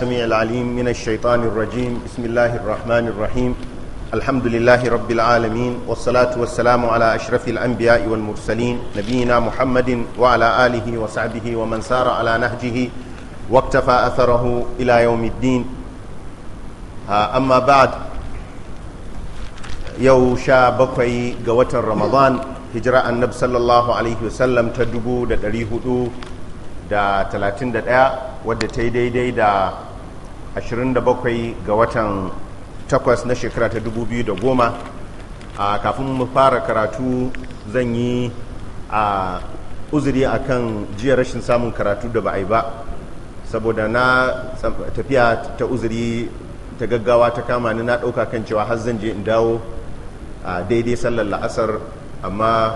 السميع العليم من الشيطان الرجيم بسم الله الرحمن الرحيم الحمد لله رب العالمين والصلاة والسلام على أشرف الأنبياء والمرسلين نبينا محمد وعلى آله وصحبه ومن سار على نهجه واقتفى أثره إلى يوم الدين أما بعد يوشا بقي قوة رمضان هجرة النبي صلى الله عليه وسلم تدبو دا تلاتين دا wadda ta yi daidai da 27 ga watan 8 na shekara ta 2010 a kafin mu fara karatu zan yi a uzuri akan jiya rashin samun karatu da ba a yi ba saboda na tafiya ta uzuri ta gaggawa ta kama ni na ɗauka kan cewa har zan je in dawo a daidai sallar la'asar amma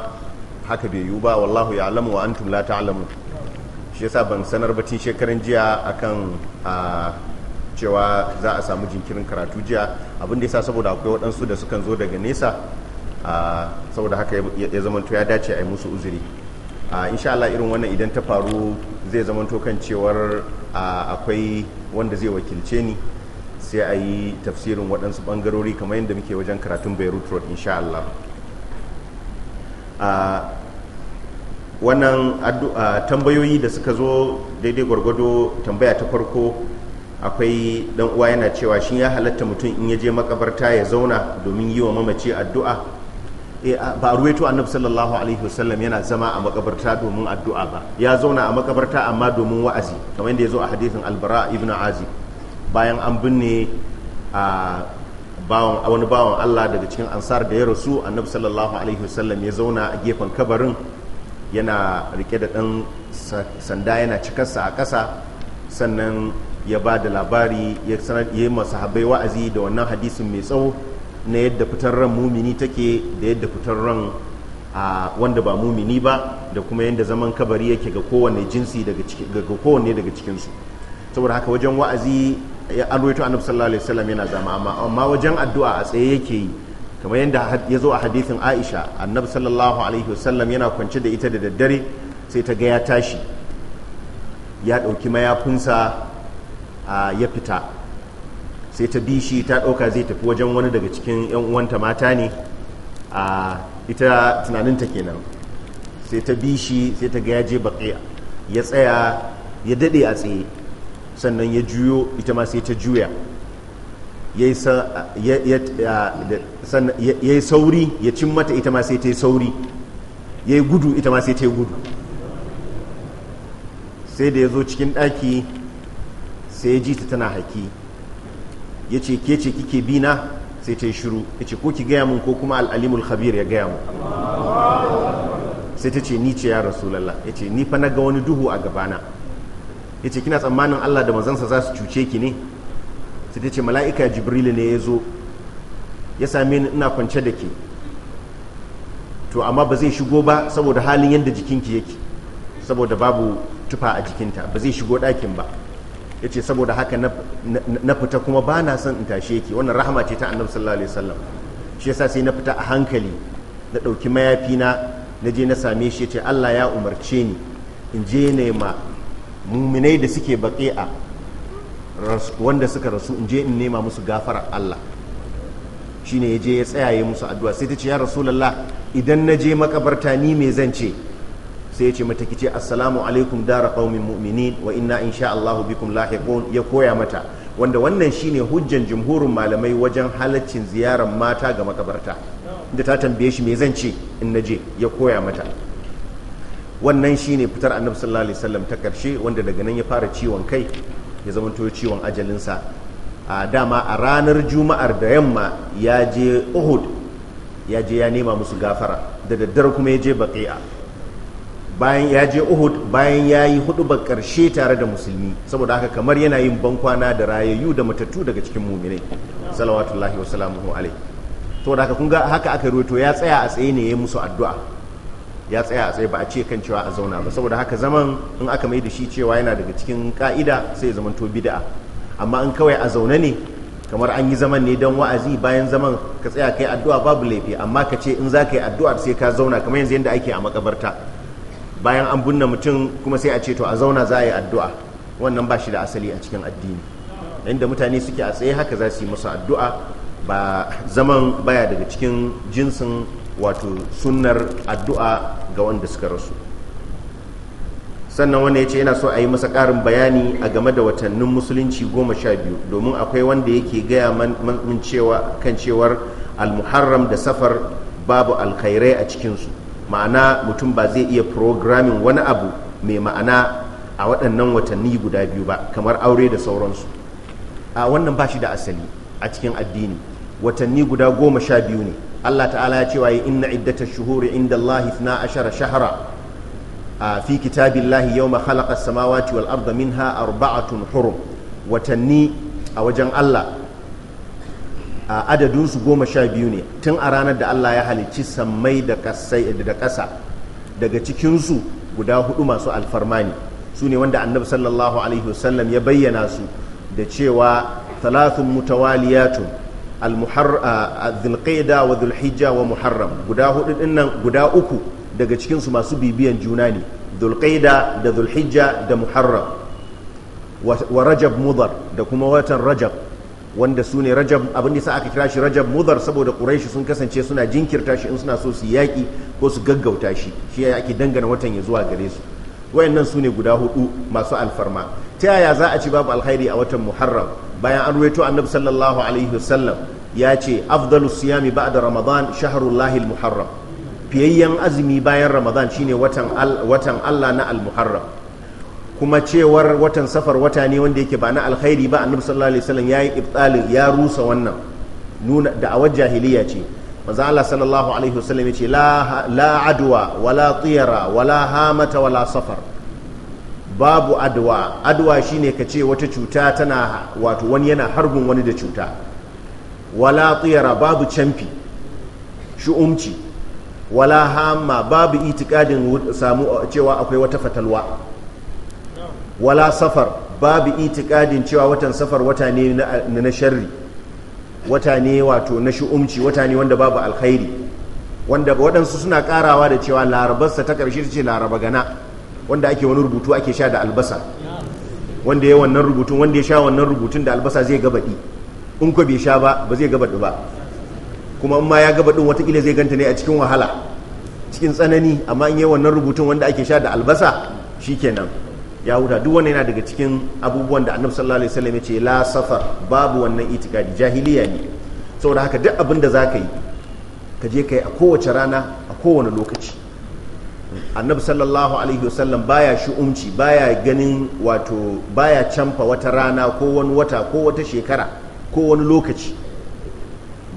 haka bai yiwu ba wallahu ya alamu wa antum la ta'alamu shi yasa ban sanar batun shekaran jiya akan cewa za a samu jinkirin karatu jiya abin da sa saboda akwai waɗansu da sukan zo daga nesa saboda haka ya zamanto ya dace a yi musu uzuri insha Allah irin wannan idan ta faru zai zamanto kan cewar akwai wanda zai wakilce ni sai a yi tafsirin waɗansu ɓangarori kamar yadda muke wajen karatun beirut road insha Allah wannan tambayoyi da suka zo daidai gwargwado tambaya ta farko akwai dan uwa yana cewa shi ya halatta mutum in ya je makabarta ya zauna domin yi wa mamaci addu'a eh, ba a ruwaito annabi sallallahu alaihi wasallam yana zama a makabarta domin addu'a ba ya zauna a makabarta amma domin wa'azi kamar yadda ya zo a hadithin albara ibn azi bayan an binne a bawan wani bawan Allah daga cikin ansar da ya rasu annabi sallallahu alaihi wasallam ya zauna a gefen kabarin yana rike da dan sanda yana cikarsa a ƙasa sannan ya ba da labari ya yi masahabai wa'azi da wannan hadisin mai tsawo na yadda fitar ran mumini take da yadda fitar ran wanda ba mumini ba da kuma yadda zaman kabari yake ga kowane jinsi daga kowanne daga cikinsu saboda haka wajen wa'azi ya alwaito sallallahu alaihi wasallam yana zama amma wajen addu'a a tsaye yake yi kamar yadda ya zo a hadisin Aisha annabi sallallahu alaihi wasallam yana kwance da ita da daddare sai ta ga ya tashi ya ɗauki mayafinsa ya fita sai ta bi shi ta ɗauka zai tafi wajen wani daga cikin 'yan uwanta mata ne a ita tunaninta kenan sai ta bi shi sai ta ga ya je baƙi ya tsaya ya daɗe a tsaye sannan ya juyo ita ma sai ta juya ya yi sauri ya cin mata ita ma sai ta yi sauri ya yi gudu ita ma sai ta yi gudu sai da ya zo cikin ɗaki sai ya ji ta tana haki ya ce ke ce kike bi na sai ta yi shiru ya ce ko ki gaya mun ko kuma al'alimul khabir ya gaya mun sai ta ce ni ce ya rasulallah ya ce ni fa na ga wani duhu a gabana ya ce kina tsammanin allah da mazansa za su cuce ki ne sai ta ce mala'ika jibril ne ya zo ya same ni ina kwance da ke to amma ba zai shigo ba saboda halin yadda jikinki yake saboda babu tufa a jikinta ba zai shigo ɗakin ba ya ce saboda haka na fita kuma ba na son in tashe ki wannan rahama ce ta annabi sallallahu alaihi wasallam shi yasa sai na fita a hankali na ɗauki mayafi na na je na same shi ya ce Allah ya umarce ni in je ne ma muminai da suke a wanda suka rasu in je in nema musu gafara Allah shine ya je ya tsayaye musu addu'a sai ta ce ya rasulullah idan na je makabarta ni me zan ce sai ya ce mata ce assalamu alaikum dara qaumin mu'minin wa inna insha Allahu bikum lahiqun ya koya mata wanda wannan shine hujjan jumhurin malamai wajen halaccin ziyarar mata ga makabarta inda ta tambaye shi me zan ce in naje ya koya mata wannan shine fitar annabi sallallahu alaihi wasallam ta karshe wanda daga nan ya fara ciwon kai ya zamanto ciwon ajalin sa a dama a ranar juma'ar da yamma ya je uhud ya je ya nema musu gafara da daddare kuma ya je baqi'a bayan ya je uhud bayan ya yi hudubar karshe tare da musulmi saboda haka kamar yana yin bankwana da rayayyu da matattu daga cikin muminai salawatullahi wa salamuhu alaihi to da haka kun ga haka aka ruwaito ya tsaya a tsaye ne ya musu addu'a ya tsaya a tsaye ba a ce kan cewa a zauna ba saboda haka zaman in aka mai da shi cewa yana daga cikin ka'ida sai ya zamanto bid'a amma in kawai a zaune ne kamar an yi zaman ne don wa'azi bayan zaman ka tsaya kai addu'a babu laifi amma ka ce in za ka yi addu'a sai ka zauna kamar yanzu yadda ake a makabarta bayan an binne mutum kuma sai a ce to a zauna za a yi addu'a wannan ba shi da asali a cikin addini inda mutane suke a tsaye haka za su yi masa addu'a ba zaman baya daga cikin jinsin wato sunnar addu'a ga wanda suka rasu sannan wanda ya ce yana so a yi masa ƙarin bayani a game da watannin musulunci goma sha biyu domin akwai wanda yake gaya min cewa kan cewar almuharram da safar babu alkhairai a cikinsu ma'ana mutum ba zai iya programming wani abu mai ma'ana a waɗannan watanni guda biyu ba kamar aure da sauransu a wannan ba shi da asali a cikin addini watanni guda goma sha biyu ne allah ta'ala ya cewa inna iddata shuhuri inda allahi na ashara shahara a fi kitabillahi yau ma halakar samawati wal arda minha arba'atun hurum watanni a wajen allah su goma sha biyu ne tun a ranar da Allah ya halicci sammai da ƙasa daga cikinsu guda hudu masu alfarmani su ne wanda annabi sallallahu alaihi wasallam ya bayyana su da cewa talatin mutawaliyatun al-dhulqaida wa dhulhijja wa muharram guda hudu dinnan guda uku daga cikinsu masu bibiyan juna ne dhulqaida da dhulhijja da muharram wa rajab mudar da kuma watan rajab wanda su ne rajab abin da sa aka kira shi rajab mudar saboda quraishi sun kasance suna jinkirta shi in suna so su yaki ko su gaggauta shi shi ya ake dangana watan ya zuwa gare su wayannan su ne guda hudu masu alfarma ta yaya za a ci babu alkhairi a watan muharram bayan an ruwaito annabi sallallahu alaihi wasallam ya ce afdalu siyami ba'da ramadan shahrullahi muharram. fiyayyen azumi bayan ramadan shine watan watan Allah na almuharram kuma cewar watan safar wata ne wanda yake ba na alkhairi ba annabi sallallahu alaihi wasallam yayi ibtalin ya rusa wannan nuna da'awar jahiliya ce manzo Allah sallallahu alaihi wasallam yace la la adwa wala tiyara wala hamata wala safar babu adwa adwa shine ka ce wata cuta tana wato wani yana harbin wani da cuta wala tiyara babu camfi shu'umci wala hama babu itikadin samu cewa akwai wata fatalwa wala safar babu itikadin cewa watan safar wata ne na sharri wata ne wato na shi'umci wata ne wanda babu alkhairi wanda waɗansu suna karawa da cewa larabarsa ta ƙarshe ta ce laraba gana wanda ake wani rubutu ake sha da albasa wanda ya wannan rubutun wanda ya sha wannan rubutun da albasa zai gabaɗi in ko bai sha ba ba zai gabaɗi ba kuma in ma ya gabaɗin watakila zai ganta ne a cikin wahala cikin tsanani amma in yi wannan rubutun wanda ake sha da albasa shikenan ya huta duk wani yana daga cikin abubuwan da annabi sallallahu alaihi wasallam ya ce la safar babu wannan itikadi jahiliya ne saboda haka duk abin da zaka yi ka je kai a kowace rana a kowane lokaci annabi sallallahu alaihi wasallam baya shi'umci baya ganin wato baya canfa wata rana ko wani wata ko wata shekara ko wani lokaci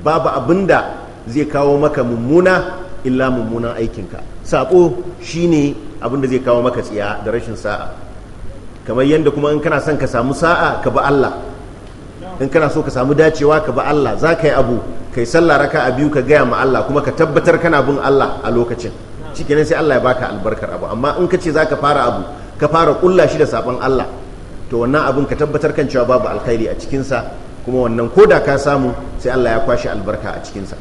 babu abin da zai kawo maka mummuna illa mummunan aikinka sako shine abin da zai kawo maka tsiya da rashin sa'a kamar yadda kuma in kana son ka samu sa'a ka bi Allah in kana so ka samu dacewa ka bi Allah za ka yi abu ka yi sallah raka a biyu ka gaya ma Allah kuma ka tabbatar kana bin Allah a lokacin cikin sai Allah ya baka albarkar abu amma in ka ce za ka fara abu ka fara kulla shi da sabon Allah to wannan abin ka tabbatar kan cewa babu alkhairi a cikinsa kuma wannan ko da ka samu sai Allah ya kwashe albarka a cikinsa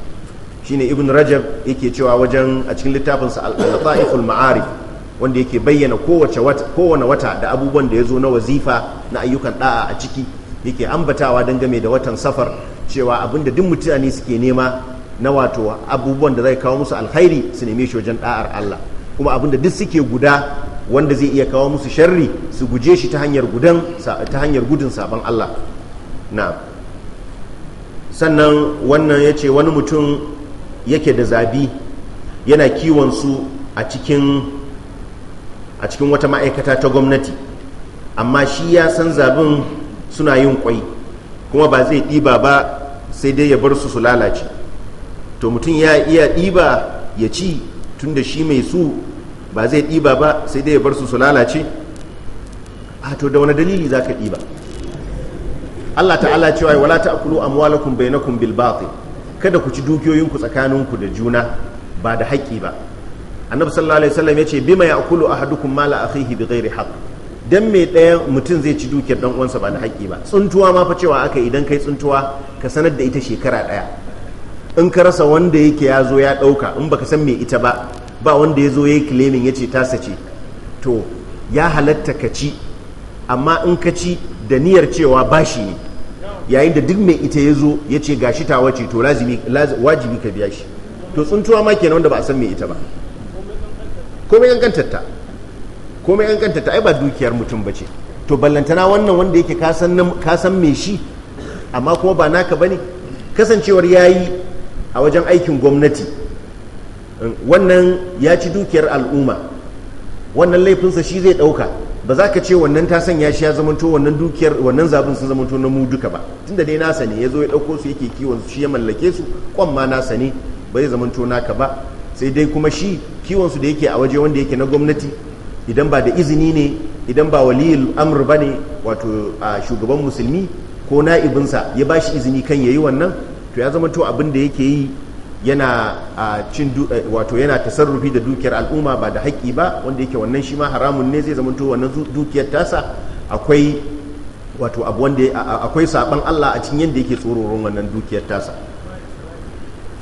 shine ibn rajab yake cewa wajen a cikin littafinsa al-lataiful ma'arif wanda yake bayyana kowace wata kowane wata da abubuwan da ya zo na wazifa na ayyukan da'a a ciki yake ambatawa game da watan safar cewa abinda duk mutane suke nema na wato abubuwan da zai kawo musu alkhairi su neme shi wajen da'ar Allah kuma abinda duk suke guda wanda zai iya kawo musu sharri su guje shi ta hanyar ta hanyar gudun sabon Allah na sannan wannan ya ce wani mutum yake da zabi yana kiwon su a cikin a cikin wata ma'aikata ta gwamnati amma shi ya san zabin suna yin kwai kuma ba zai ɗiba ba sai dai ya bar su su lalace to mutum ya iya ɗiba ya ci tun da shi mai su ba zai ɗiba ba sai dai ya bar su su lalace a to da wani dalili za ka ɗiba allah ta'ala cewa wala ta'kulu amwalakum bainakum bil batil kada ku ci dukiyoyinku tsakaninku da juna ba da haƙƙi ba annabi sallallahu alaihi wasallam yace bima ya'kulu ahadukum mala akhihi bighairi haqq dan me daya mutum zai ci dukiyar dan uwansa ba da haƙƙi ba tsuntuwa ma fa cewa aka idan kai tsuntuwa ka sanar da ita shekara daya in ka rasa wanda yake ya zo ya ɗauka in baka san me ita ba ba wanda ya zo ya yi claiming ya ce tasa ce to ya halatta ka ci amma in ka ci da niyyar cewa bashi ne yayin da duk mai ita ya zo ya ce gashi ta wace to wajibi ka biya shi to tsuntuwa ma kenan wanda ba a san mai ita ba komai kankantarta komai kankantarta ai ba dukiyar mutum ba ce to ballantana wannan wanda yake kasan mai shi amma kuma ba naka bane kasancewar yayi a wajen aikin gwamnati um, wannan ya ci dukiyar al'umma wannan laifinsa shi zai ɗauka ba za ka ce wannan ta sanya shi ya zamanto wannan dukiyar wannan zabin sun zamanto na mu duka ba tunda dai nasa ne ya zo ya ɗauko su yake kiwon su shi ya mallake su kwan ma nasa ne ba zai zamanto naka ba sai dai kuma shi kiwon su da yake a waje wanda yake na gwamnati idan ba da izini ne idan ba waliyul ba ne wato shugaban musulmi ko na'ibinsa ya ba shi izini kan yayi wannan to ya zama to abin da yake yi yana cin eh, wato yana tasarrufi da dukiyar al'umma ba da haƙƙi ba wanda yake wannan shi ma haramun ne zai zama to wannan dukiyar tasa akwai wato abu wanda akwai saban Allah a cikin yadda yake tsororon wannan dukiyar tasa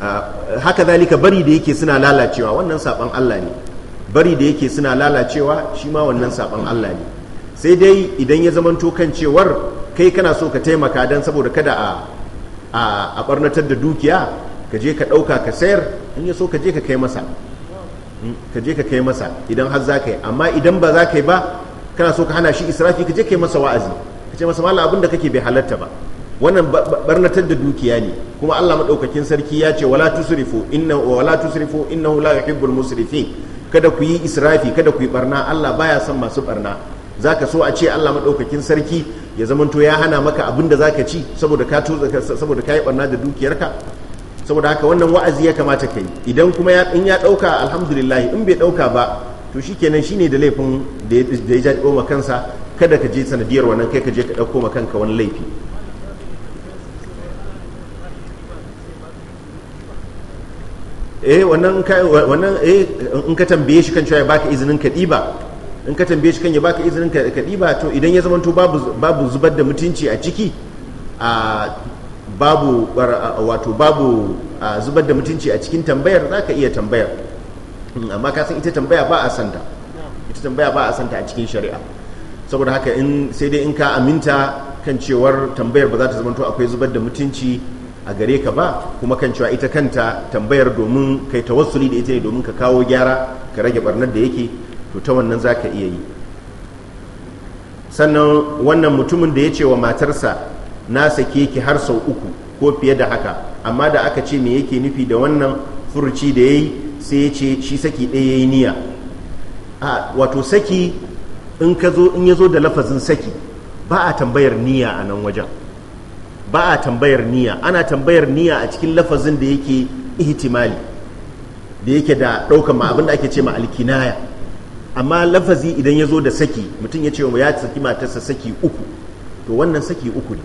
Ah, haka zalika bari da yake suna lalacewa wannan saban Allah ne bari da yake suna lalacewa shi ma wannan saban Allah ne sai dai idan ya zamanto kan cewar kai kana so ka taimaka don saboda kada a a barnatar da dukiya ka je ka ɗauka ka sayar in ya so ka je ka kai masa hmm, ka je ka kai masa idan har za ka yi amma idan ba za ka yi ba kana so ka hana shi israfi ka je ka yi masa wa'azi ka ce masa mala abin da kake bai halarta ba wannan barnatar da dukiya ne kuma Allah madaukakin sarki ya ce wala tusrifu inna wala tusrifu innahu la yuhibbul musrifin kada ku yi israfi kada ku yi barna Allah baya son masu barna zaka so a ce Allah madaukakin sarki ya zamanto ya hana maka abin da zaka ci saboda ka saboda kai barna da dukiyarka saboda haka wannan wa'azi ya kamata kai idan kuma ya in ya dauka alhamdulillah in bai dauka ba to shikenan shine da laifin da ya jaɗo kansa kada ka je sanadiyar wannan kai ka je ka dauko ma kanka wani laifi eh wannan wannan eh in ka tambaye shi kan cewa ya baka izinin ka diba in ka tambaye shi kan ya baka izinin ka diba to idan ya zamanto babu babu zubar da mutunci a ciki a babu wato babu zubar da mutunci a cikin tambayar zaka iya tambayar hmm, amma ka san ita tambaya ba a santa ita tambaya ba a santa a cikin shari'a saboda haka in sai dai in ka aminta kan cewar tambayar ba za ta zamanto akwai zubar da mutunci a gare ka ba kuma kan cewa ita kanta tambayar domin kai tawassuli da ita ne domin ka kawo gyara ka rage barnar da yake to ta wannan za ka iya yi sannan wannan mutumin da ya ce wa matarsa na sake ki har sau uku ko fiye da haka amma da aka ce me yake nufi da wannan furuci da ya yi sai ya ce shi saki ɗaya ya yi niyya a wato saki in ka zo in ya zo da lafazin saki ba a tambayar niyya a nan wajen ba a tambayar niyya ana tambayar niyya a cikin lafazin da yake ihtimali da yake da ɗaukan ma abinda ake ce ma alkinaya amma lafazi idan ya zo da saki mutum ya ce wa ya saki matarsa saki uku to wannan saki uku ne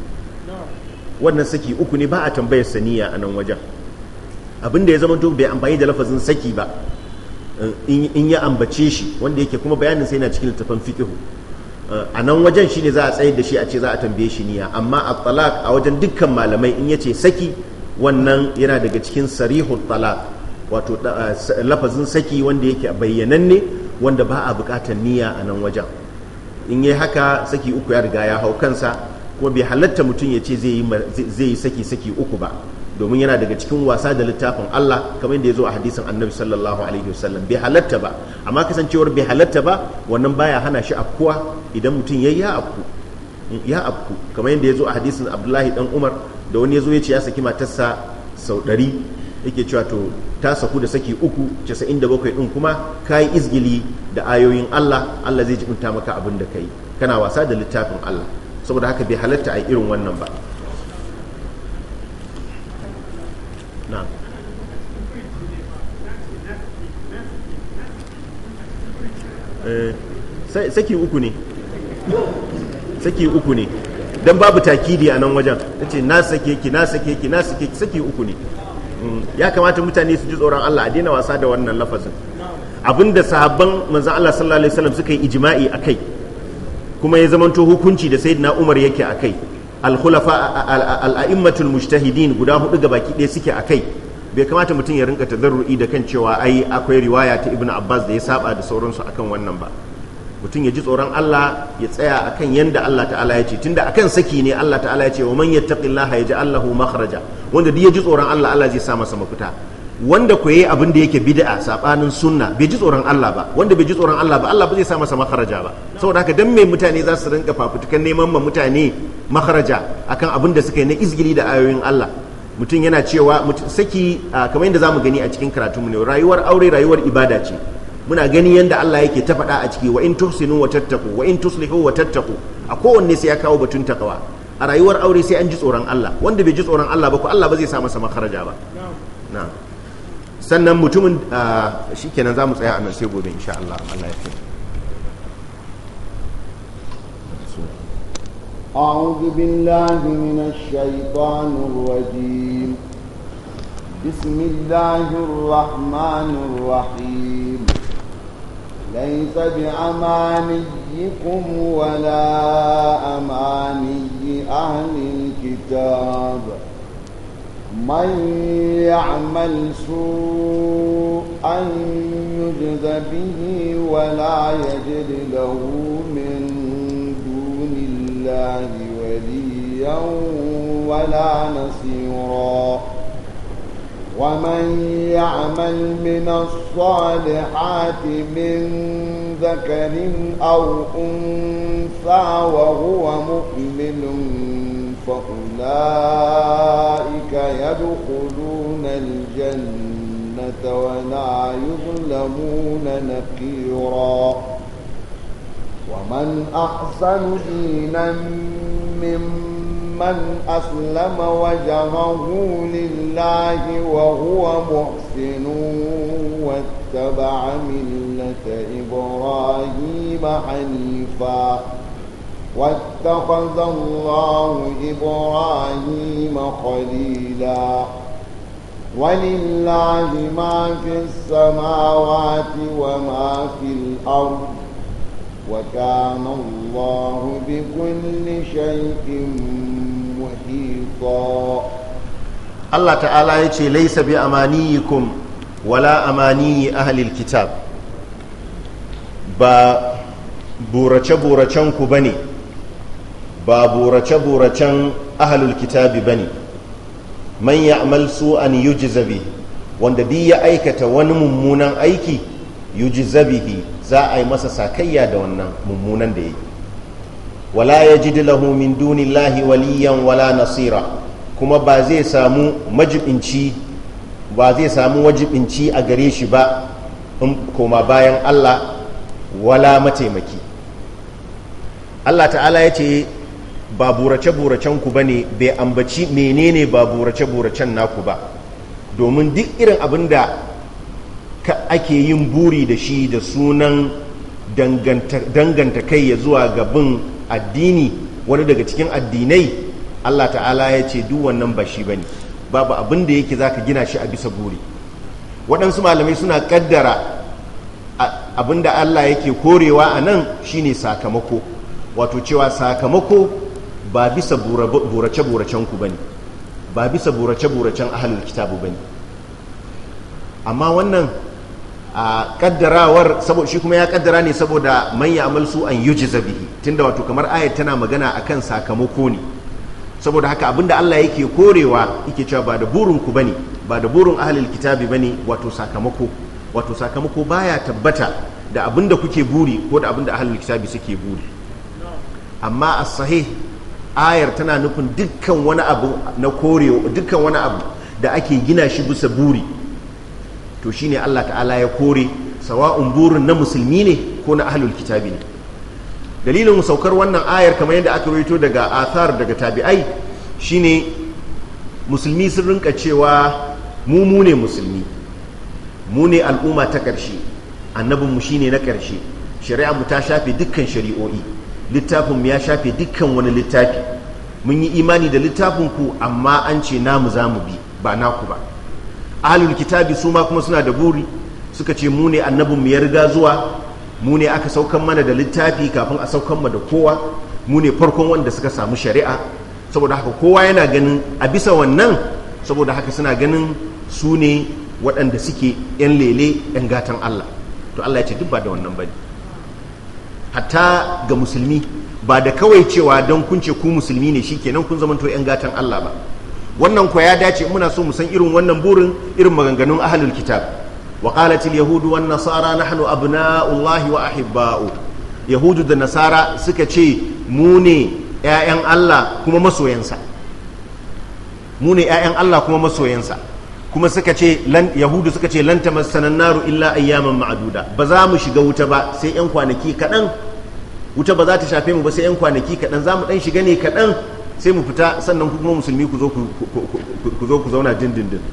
wannan saki uku ne ba a tambayar sa niyya a nan wajen abinda ya zama to bai amfani da lafazin saki ba in ya ambace shi wanda yake kuma bayanin sai yana cikin littafin fiqihu a nan wajen shi ne za a tsayar da shi a ce za a tambaye shi niya amma a talak a wajen dukkan malamai in yace saki wannan yana daga cikin sarihun talak wato lafazin saki wanda yake bayyananne wanda ba a bukatar niyya a nan wajen in yi haka saki uku ya riga ya hau kansa kuma bai halatta mutum ya ce zai yi saki saki uku ba domin yana daga cikin wasa da littafin Allah kamar yadda ya zo a hadisin annabi sallallahu alaihi wasallam bai halatta ba amma kasancewar bai halatta ba wannan baya hana shi afkuwa idan mutum ya yi afku ya afku kamar yadda ya zo a hadisin abdullahi dan umar da wani ya zo ya ce ya saki matarsa sau ɗari yake cewa to ta saku da saki uku casa'in da bakwai ɗin kuma ka yi izgili da ayoyin Allah Allah zai jibinta maka abin da ka yi kana wasa da littafin Allah saboda haka bai halatta a irin wannan ba Eh, saki uku ne saki uku ne don babu takidi a nan wajen ta ce na sake ki na sake ki na sake ki saki uku ne mm, ya kamata mutane su ji tsoron Allah a daina wasa da wannan lafazin abinda sahabban manzan Allah sallallahu alaihi wasallam suka yi a kai kuma ya zamanto hukunci da sayyidina Umar yake a kai. al-khulafa mujtahidin guda hudu ga baki ɗaya suke a kai bai kamata mutum ya rinka tadarru'i da kan cewa ai akwai riwaya ta ibnu abbas da ya saba da sauransu akan wannan ba mutum ya ji tsoron Allah ya tsaya akan yanda Allah ta'ala ya ce tunda akan saki ne Allah ta'ala ya ce wa man yattaqillaha yaj'al allahu makhraja wanda duk ya ji tsoron Allah Allah zai sa masa mafita wanda ko yi abin da yake bida'a sabanin sunna bai ji tsoron Allah ba wanda bai ji tsoron Allah ba Allah ba zai sa masa makaraja ba saboda haka dan mai mutane za su rinka fafutukan neman ma mutane makaraja akan abin da suka yi na izgili da ayoyin Allah mutum yana cewa saki kamar yadda zamu gani a cikin karatunmu ne rayuwar aure rayuwar ibada ce muna gani yadda Allah yake ta faɗa a ciki wa in tuhsinu wa tattaku wa in tuslihu wa tattaku a kowanne sai ya kawo batun takawa a rayuwar aure sai an ji tsoron Allah wanda bai ji tsoron Allah ba ko Allah ba zai sa masa makaraja ba sannan mutumin shikenan zamu tsaya a nan sai gobe insha Allah Allah ya أعوذ بالله من الشيطان الرجيم بسم الله الرحمن الرحيم ليس بأمانيكم ولا أماني أهل الكتاب من يعمل سوءا يجز به ولا يجد له من لله وليا ولا نصيرا ومن يعمل من الصالحات من ذكر أو أنثى وهو مؤمن فأولئك يدخلون الجنة ولا يظلمون نقيراً ومن أحسن دينا ممن أسلم وجهه لله وهو محسن واتبع ملة إبراهيم حنيفا واتخذ الله إبراهيم خليلا ولله ما في السماوات وما في الأرض وكان الله بكل شيء محيطا الله تعالى يتي ليس بأمانيكم ولا أماني أهل الكتاب با burace buracenku ba ne ba burace buracen ahalul kitabi ba ne man ya'mal su'an yujza bihi wanda duk ya aikata wani mummunan aiki yujza za a yi masa sakayya da wannan mummunan da ya yi wala ya ji lahu min dunillahi waliyan wala nasira kuma ba zai samu majibinci ba zai samu wajibinci a gare shi ba in koma bayan Allah wala mataimaki Allah ta'ala ya ce ba burace-buracen ku ba ne bai ambaci menene ba burace-buracen naku ba domin duk irin abin da Ka ake yin buri da shi da sunan danganta kai ya zuwa gabin addini wani daga cikin addinai Allah ta'ala ya ce duk wannan ba shi bane babu abin da yake zaka gina shi a bisa buri waɗansu malamai suna kaddara abin da Allah yake korewa a nan shine sakamako wato cewa sakamako ba bisa burace-buracen ku ne ba bisa burace-buracen ahalin kitabu bane amma wannan a kaddarawar saboda shi kuma ya kaddara ne saboda man ya'mal an yuji zabihi tunda wato kamar ayat tana magana akan sakamako ne saboda haka abinda Allah yake korewa yake cewa ba da burin ku bane ba da burin ahlul kitabi bane wato sakamako wato sakamako baya tabbata da abinda kuke buri ko da abinda ahlul kitabi suke buri amma a sahih ayar tana nufin dukkan wani abu na korewa dukkan wani abu da ake gina shi bisa buri to shine Allah ta'ala ya kore sawa'un burin na musulmi ne ko na ahlul kitabi ne dalilin saukar wannan ayar kamar yadda aka rawaito daga athar daga tabi'ai shine musulmi sun rinka cewa mu mu ne musulmi mu ne al'umma ta ƙarshe annabin mu shine na ƙarshe shari'a mu ta shafe dukkan shari'o'i littafin mu ya shafe dukkan wani littafi mun yi imani da littafin ku amma an ce namu zamu bi ba naku ba ahalul kitabi su ma kuma suna da buri suka ce mu ne annabin mu ya riga zuwa mu ne aka saukan mana da littafi kafin a saukan da kowa mu ne farkon wanda suka samu shari'a saboda haka kowa yana ganin a bisa wannan saboda haka suna ganin su ne waɗanda suke 'yan lele 'yan gatan Allah to Allah ya ce duk ba da wannan bane hatta ga musulmi ba da kawai cewa don kun ce ku musulmi ne shikenan kun zamanto 'yan gatan Allah ba wannan kwa ya dace muna so mu san irin wannan burin irin maganganun ahlul kitab wa qalat yahud wan nasara nahnu abna'ullahi wa ahibba'u yahudu da nasara suka ce mu ne ƴaƴan Allah kuma masoyansa mu ne ƴaƴan Allah kuma masoyansa kuma suka ce yahudu suka ce lan tamassanan naru illa ayyaman ma'aduda ba za mu shiga wuta ba sai yan kwanaki kadan. wuta ba za ta shafe mu ba sai yan kwanaki kaɗan za mu ɗan shiga ne kaɗan sai mu fita sannan kuma musulmi ku zo ku zo ku zauna dindindin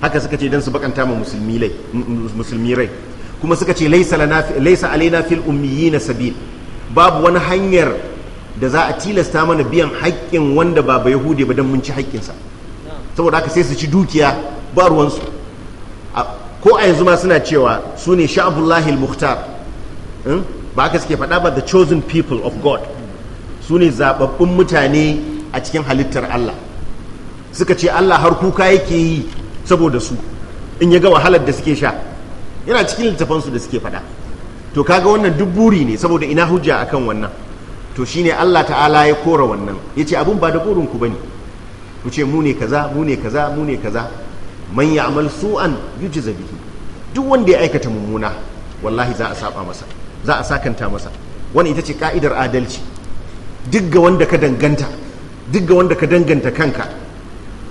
haka suka ce dan su bakanta ma musulmi lai musulmi rai kuma suka ce laisa alaina fil ummiyina sabil babu wani hanyar da za a tilasta mana biyan haƙƙin wanda ba ba yahudi ba don mun ci haƙƙinsa saboda haka sai su ci dukiya ba ruwansu ko a yanzu ma suna cewa su ne sha'abullahi al-mukhtar hmm? ba haka suke faɗa ba the chosen people of god su ne zaɓaɓɓun mutane a cikin halittar Allah suka ce Allah har kuka yake yi saboda su in ya ga wahalar da suke sha yana cikin littafansu da suke faɗa to kaga wannan duk buri ne saboda ina hujja akan wannan to shine Allah ta'ala ya kora wannan ya ce abin ba da burin ku bane ku ce mu ne kaza mu ne kaza mu ne kaza man ya'mal su'an yujza bihi duk wanda ya aikata mummuna wallahi za a saba masa za a sakanta masa wannan ita ce ka'idar adalci duk ga wanda ka danganta duk ga wanda ka danganta kanka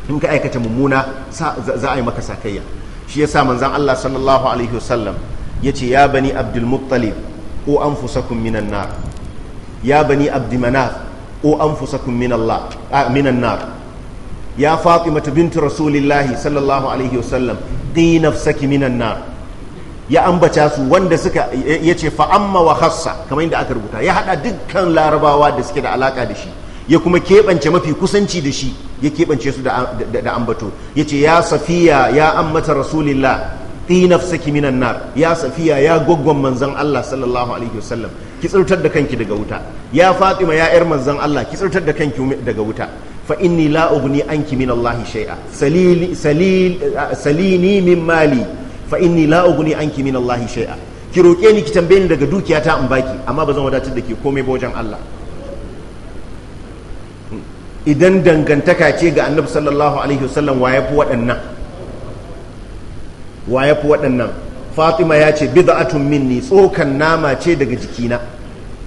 in ka aikata mummuna za a yi maka sakayya shi ya yasa manzon Allah sallallahu alaihi wasallam yace ya bani abdul ko an fusakun minan nar ya bani abd manaf o anfusakum min minan nar ya fatimatu Bintu rasulillahi sallallahu alaihi wasallam qi nafsaki minan nar ya ambata su wanda suka yace fa amma wa khassa kamar yadda aka rubuta ya hada dukkan larabawa da suke da alaka da shi ya kuma keɓance mafi kusanci da shi ya keɓance su da ambato ya ce ya safiya ya ammata rasulillah tinaf saki minan nar ya safiya ya goggon manzan Allah sallallahu alaihi wasallam ki tsirtar da kanki daga wuta ya fatima ya yar manzan Allah ki tsirtar da kanki daga wuta fa inni la anki min Allah shay'a salili salini min mali fa inni la anki min Allah shay'a ki roke ni ki tambaye ni daga dukiyata in baki amma bazan wadatar da ke komai ba wajen Allah idan dangantaka ce ga annabi sallallahu alaihi wasallam wa yafi waɗannan wa yafi waɗannan fatima ya ce bid'atun minni tsokan nama ce daga jikina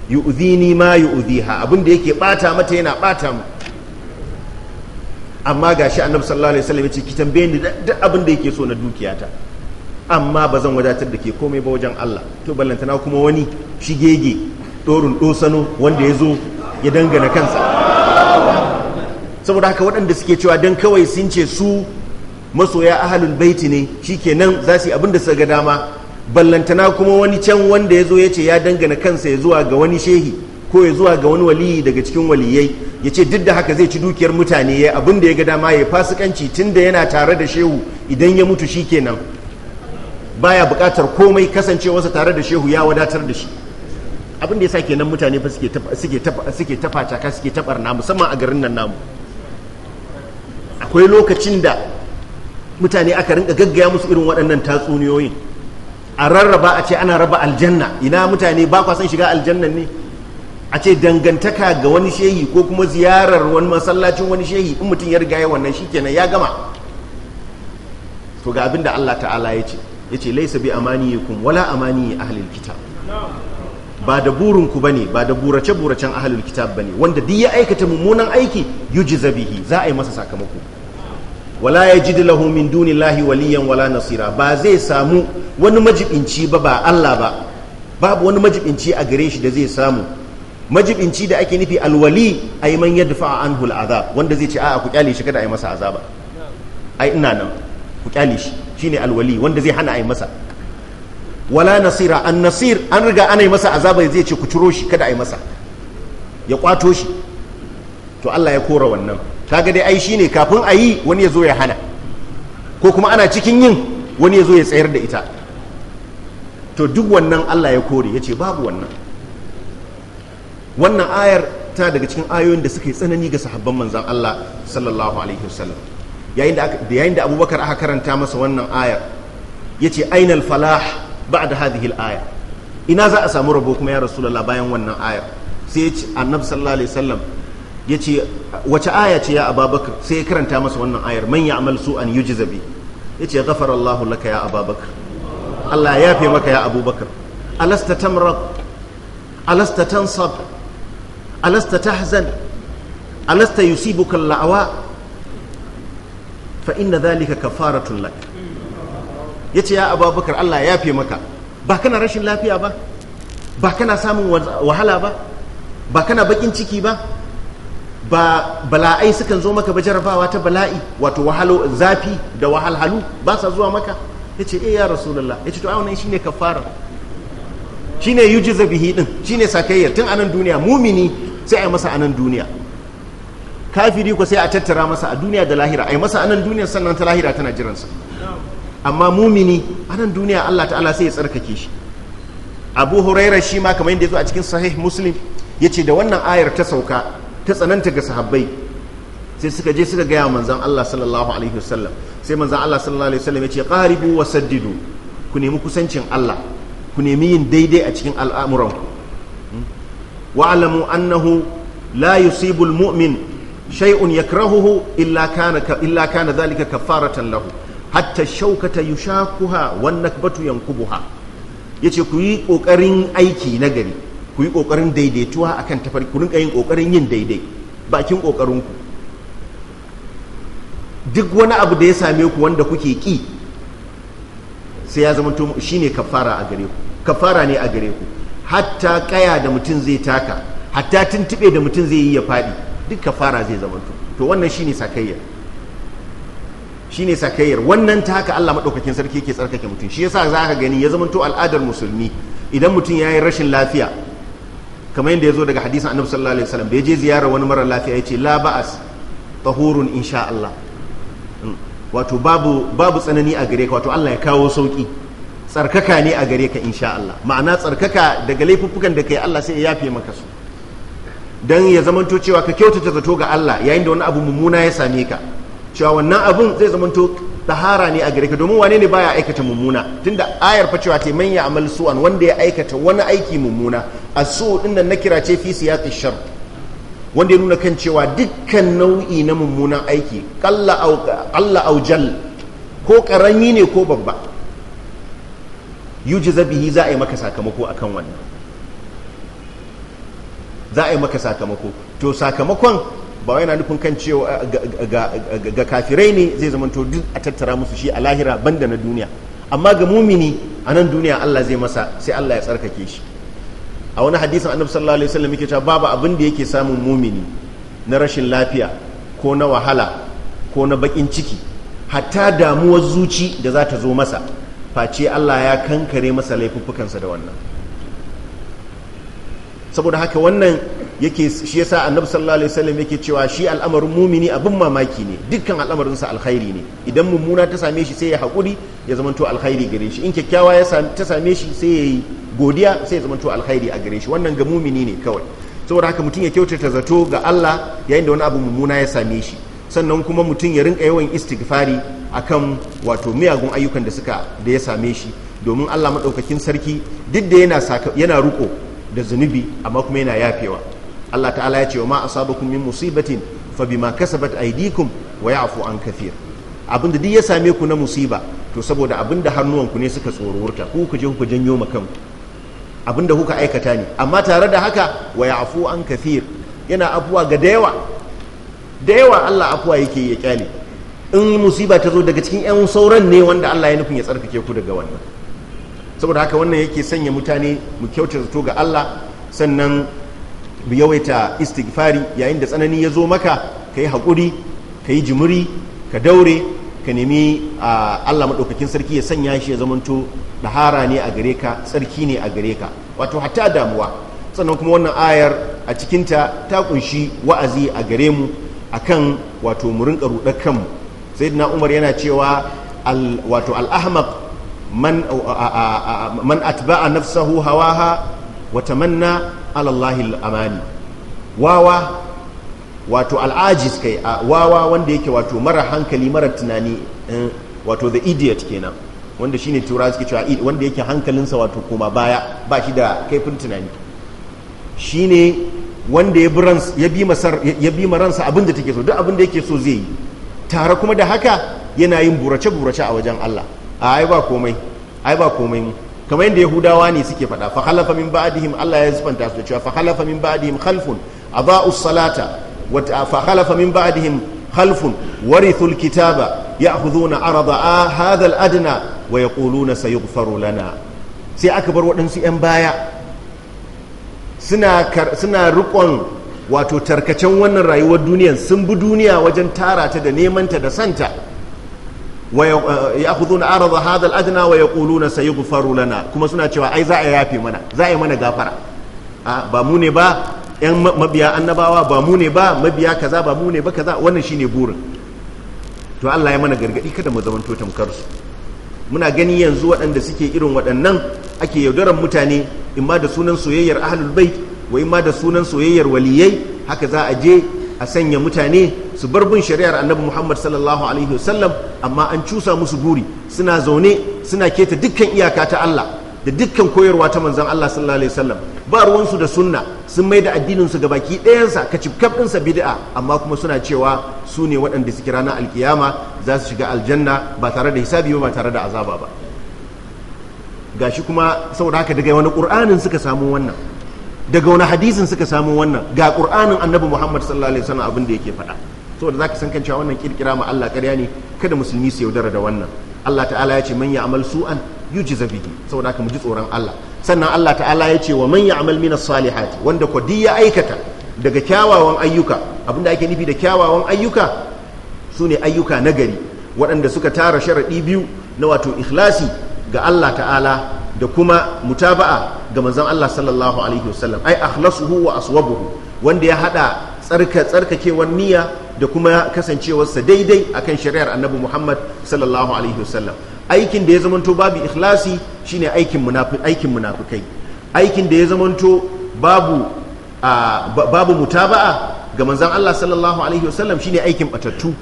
yu'zini ma yu'ziha abinda yake bata mata yana bata mu amma gashi annabi sallallahu alaihi wasallam ya ce ki tambaye ni duk abin da yake so na dukiyata amma ba zan wadatar da ke komai ba wajen Allah to ballantana kuma wani shigege dorin dosano wanda ya zo ya dangana kansa saboda haka waɗanda suke cewa don kawai sun ce su masoya ahalul baiti ne shikenan za su yi abin da suka ga dama ballantana kuma wani can wanda ya zo ya ce ya dangana kansa ya zuwa ga wani shehi ko ya zuwa ga wani waliyi daga cikin waliyai ya ce duk da haka zai ci dukiyar mutane ya abin da ya ga dama ya fasikanci tun da yana tare da shehu idan ya mutu shi kenan baya bukatar komai kasancewarsa tare da shehu ya wadatar da shi abin da ya sa kenan mutane fa suke tafa suke suke taɓar suke musamman a garin nan namu akwai lokacin da mutane aka rinka gaggaya musu irin waɗannan tatsuniyoyin a rarraba a ce ana raba aljanna ina mutane ba kwa san shiga aljannan ne a ce dangantaka ga wani shehi ko kuma ziyarar wani masallacin wani shehi in mutum ya riga ya wannan kenan ya gama to ga abin da Allah ta'ala ya ce ya ce laisa bi amaniyakum wala amaniyi ahlil kitab ba da burinku ba ne ba da burace buracen ahalul kitab ba ne wanda duk ya aikata mummunan aiki ji zabihi za a yi masa sakamako wala ya ji dila homin duni lahi waliyan wala nasira ba zai samu wani majibinci ba ba Allah ba babu wani majibinci a gare shi da zai samu majibinci da ake nufi alwali a ay man an hula al'azab wanda zai ce a'a ku kyale shi kada a yi masa azaba ai ina nan ku kyale shi shine alwali wanda zai hana a yi masa wala nasira an nasir an riga ana yi masa azaba zai ce ku ciro shi kada a yi masa ya kwato shi to Allah ya kora wannan kaga dai ai shine kafin a yi wani ya zo ya hana ko kuma ana cikin yin wani ya zo ya tsayar da ita to duk wannan Allah ya kore ya ce babu wannan wannan ayar ta daga cikin ayoyin da suka yi tsanani ga sahabban manzan Allah sallallahu alaihi wasallam yayin da abubakar aka karanta masa wannan ayar ya ce ainal falah بعد هذه الآية ina za a samu rabo kuma ya rasulullah bayan wannan ayar sai ya ce annabi sallallahu alaihi wasallam ya ce wace aya ce ya ababakar sai ya karanta masa wannan ayar man ya'mal su'an yujza bi ya ce ghafara Allahu laka ya ababakar Allah ya fi maka ya abubakar alasta tamrak alasta tansab alasta tahzan alasta yusibuka al-la'wa fa inna dhalika kafaratun lak ya ce ya abubakar Allah ya fi maka ba kana rashin lafiya ba ba kana samun wahala ba ba kana bakin ciki ba ba bala'ai sukan zo maka ba jarabawa ta bala'i wato wahalo zafi da wahalhalu ba sa zuwa maka ya ce eh ya rasulullah ya ce to awonan shine kafara shine yujiza bihi din shine sakayyar tun anan duniya mumini sai a yi masa anan duniya kafiri ko sai a tattara masa a duniya da lahira a yi masa anan duniya sannan ta lahira tana jiransa amma mumini a nan duniya Allah ta'ala sai ya tsarkake shi abu huraira shi ma kamar yadda ya zo a cikin sahih muslim ya ce da wannan ayar ta sauka ta tsananta ga sahabbai sai suka je suka gaya manzan Allah sallallahu alaihi wasallam sai manzan Allah sallallahu alaihi wasallam ya ce qaribu wa ku nemi kusancin Allah ku nemi yin daidai a cikin al'amuranku hmm? wa'lamu annahu la yusibul mumin shay'un yakrahuhu illa kana illa kana dhalika kafaratan lahu hatta shaukata yushakuha wan nakbatu yankubuha yace ku yi kokarin aiki na gari ku yi kokarin daidaituwa akan tafar ku rinka yin kokarin yin daidai bakin kokarin ku duk wani abu da ya same ku wanda kuke ki sai ya zama shine kafara a gare ku kafara ne a gare ku hatta kaya da mutum zai taka hatta tuntube da mutum zai yi ya faɗi duk kafara zai zama to wannan shine sakayya shine sakayyar wannan ta haka Allah madaukakin sarki yake tsarkake mutum shi yasa ka gani ya zamanto al'adar musulmi idan mutum ya yi rashin lafiya kamar yadda ya zo daga hadisin annabi sallallahu alaihi wasallam bai ya je ziyara wani mara lafiya ya ce la ba'as tahurun insha Allah hmm. wato babu babu tsanani a gare ka wato Allah ya kawo sauki tsarkaka ne a gare ka insha Allah ma'ana tsarkaka daga laifuffukan da kai Allah sai ya yafe maka su dan ya zamanto cewa ka kyautata zato ga Allah yayin da wani abu mummuna ya same ka cewa wannan abun zai zamanto tahara ne a gare ka domin wane ne baya aikata mummuna tunda ayar fa cewa ta man ya su'an wanda ya aikata wani aiki mummuna asu din nan nakira ce fi siyaqi shar wanda ya nuna kan cewa dukkan nau'i na mummunan aiki qalla au qalla au jal ko karami ne ko babba yujza bihi za a yi maka sakamako akan wannan za a yi maka sakamako to sakamakon ba yana nufin kan cewa eh, ga kafirai ne zai zamanto duk a tattara musu shi a lahira banda na duniya amma ga mumini a nan duniya Allah zai masa sai Allah ya tsarkake shi a wani hadisin annabi sallallahu alaihi wasallam yake cewa babu abin da yake samun mumini na rashin lafiya ko na wahala ko na bakin ciki hatta damuwar zuci da za ta zo masa face Allah ya kankare masa laifuffukansa da wannan saboda haka wannan yake shi yasa annabi sallallahu alaihi wasallam yake cewa shi al'amarin mumini abin mamaki ne dukkan sa alkhairi ne idan mummuna ta same shi sai ya haƙuri ya zamanto alkhairi gare shi in kyakkyawa ya ta same shi sai ya yi godiya sai ya zamanto alkhairi a gare shi wannan ga mumini ne kawai saboda haka mutum ya kyautata zato ga Allah yayin da wani abu mummuna ya same shi sannan kuma mutum ya rinka yawan istighfari akan wato miyagun ayyukan da suka da ya same shi domin Allah madaukakin sarki duk da yana yana ruko da zunubi amma kuma yana yafewa Allah ta'ala ya ce wa ma asabakum min musibatin fa bima kasabat aydikum wa ya'fu an kathir abinda duk ya same ku na musiba to saboda abinda hannuwanku ne suka tsoro ku ku je ku janyo makan abinda kuka aikata ne amma tare da haka wa ya'fu an kathir yana afuwa ga da yawa da yawa Allah afuwa yake ya kyale in musiba ta zo daga cikin yan sauran ne wanda Allah ya nufin ya tsarkake ku daga wannan saboda haka wannan yake sanya mutane mu kyautar zato ga Allah sannan yawaita istighfari yayin da tsanani ya zo maka ka yi haƙuri ka yi jimuri ka daure ka nemi allah maɗaukakin sarki ya sanya shi ya zamanto ɗahara ne a gare ka tsarki ne a gare ka wato hatta damuwa sannan kuma wannan ayar a cikinta ta kunshi wa'azi a gare mu a kan wato mu rinka ruɗar kanmu umar yana cewa wato al'ahmaq man atba'a nafsahu hawaha wata manna. alallahi al’amani wawa wato al'ajis kai wawa wanda yake wato mara hankali mara tunani eh, wato the idiot kenan wanda shine turawa suke cewa wanda yake hankalinsa wato koma baya ba shi da kaifin tunani shine wanda ya bi masar ya bi maransa abin da take so duk abin da yake so zai yi tare kuma da haka yana yin burace burace a wajen Allah ai ba komai ai ba komai mu kamar yadda yahudawa ne suke faɗa fa khalafa min ba'dihim Allah ya zubanta su da cewa fa khalafa min ba'dihim khalfun adha'u salata wa fa khalafa min ba'dihim khalfun warithul kitaba ya'khudhuna arada ah, hadha al wa yaquluna sayughfaru lana sai aka bar waɗansu 'yan baya suna suna riƙon wato tarkacen wannan rayuwar duniyar sun bi duniya wajen tara ta da neman ta da santa ويأخذون عرض هذا الأدنى ويقولون سيغفر لنا كما سنة شوى أي زائي يافي منا زائي منا غافرة باموني با ‘yan mabiya annabawa ba mu ne ba mabiya kaza ba ne ba kaza wannan shine burin to Allah ya mana gargadi kada mu zamanto tamkar su muna gani yanzu waɗanda suke irin waɗannan ake yaudaran mutane imma da sunan soyayyar ahlul bait wa imma da sunan soyayyar waliyai haka za a je a sanya mutane su bar bin shari'ar annabi muhammad sallallahu alaihi wasallam amma an cusa musu buri suna zaune suna keta dukkan iyaka ta allah da dukkan koyarwa ta manzon allah sallallahu alaihi wasallam ba ruwansu da sunna sun mai da addinin su gabaki ɗayansa ka cifkaf ɗinsa bid'a amma kuma suna cewa su ne waɗanda suke ranar alkiyama za su shiga aljanna ba tare da hisabi ba ba tare da azaba ba gashi kuma saboda haka daga wani ƙur'anin suka samu wannan daga wani hadisin suka samu wannan ga ƙur'anin annabi muhammad sallallahu alaihi wasallam abin da yake faɗa da zaka san kan cewa wannan kirkira ma Allah ƙarya ne kada musulmi su yaudara da wannan Allah ta'ala ya ce man ya'mal su'an yujza bihi saboda haka mu ji tsoron Allah sannan Allah ta'ala ya ce wa man ya'mal minas salihati wanda ko ya aikata daga kyawawan ayyuka abinda ake nufi da kyawawan ayyuka sune ayyuka nagari waɗanda suka tara sharaɗi biyu na wato ikhlasi ga Allah ta'ala da kuma mutaba'a ga manzon Allah sallallahu alaihi wasallam ai akhlasuhu wa aswabuhu wanda ya haɗa tsarka tsarkakewar niyya da kuma kasancewarsa daidai akan shari'ar annabi muhammad sallallahu alaihi wasallam aikin da ya zamanto babu ikhlasi shine aikin aikin munafikai aikin da ya zamanto babu babu mutaba'a ga manzon Allah sallallahu alaihi wasallam shine aikin batattu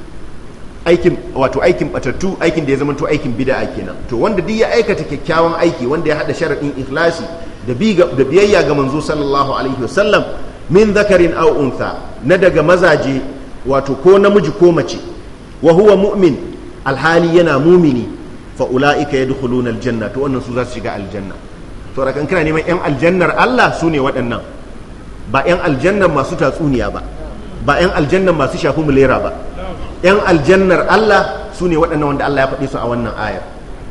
aikin wato aikin batattu aikin da ya zamanto aikin bid'a kenan to wanda duk ya aikata kyakkyawan aiki wanda ya hada sharadin ikhlasi da biyayya ga manzo sallallahu alaihi wasallam min zakarin aw untha na daga mazaje wato ko namiji ko mace wa huwa mu'min alhali yana mumini fa ulaika yadkhuluna aljanna to wannan su za su shiga aljanna to da kan kana neman yan aljannar Allah su ne waɗannan ba yan aljannar masu tatsuniya ba ba yan aljannar masu shafi mulera ba yan aljannar Allah su ne waɗannan wanda Allah ya faɗi su a wannan ayar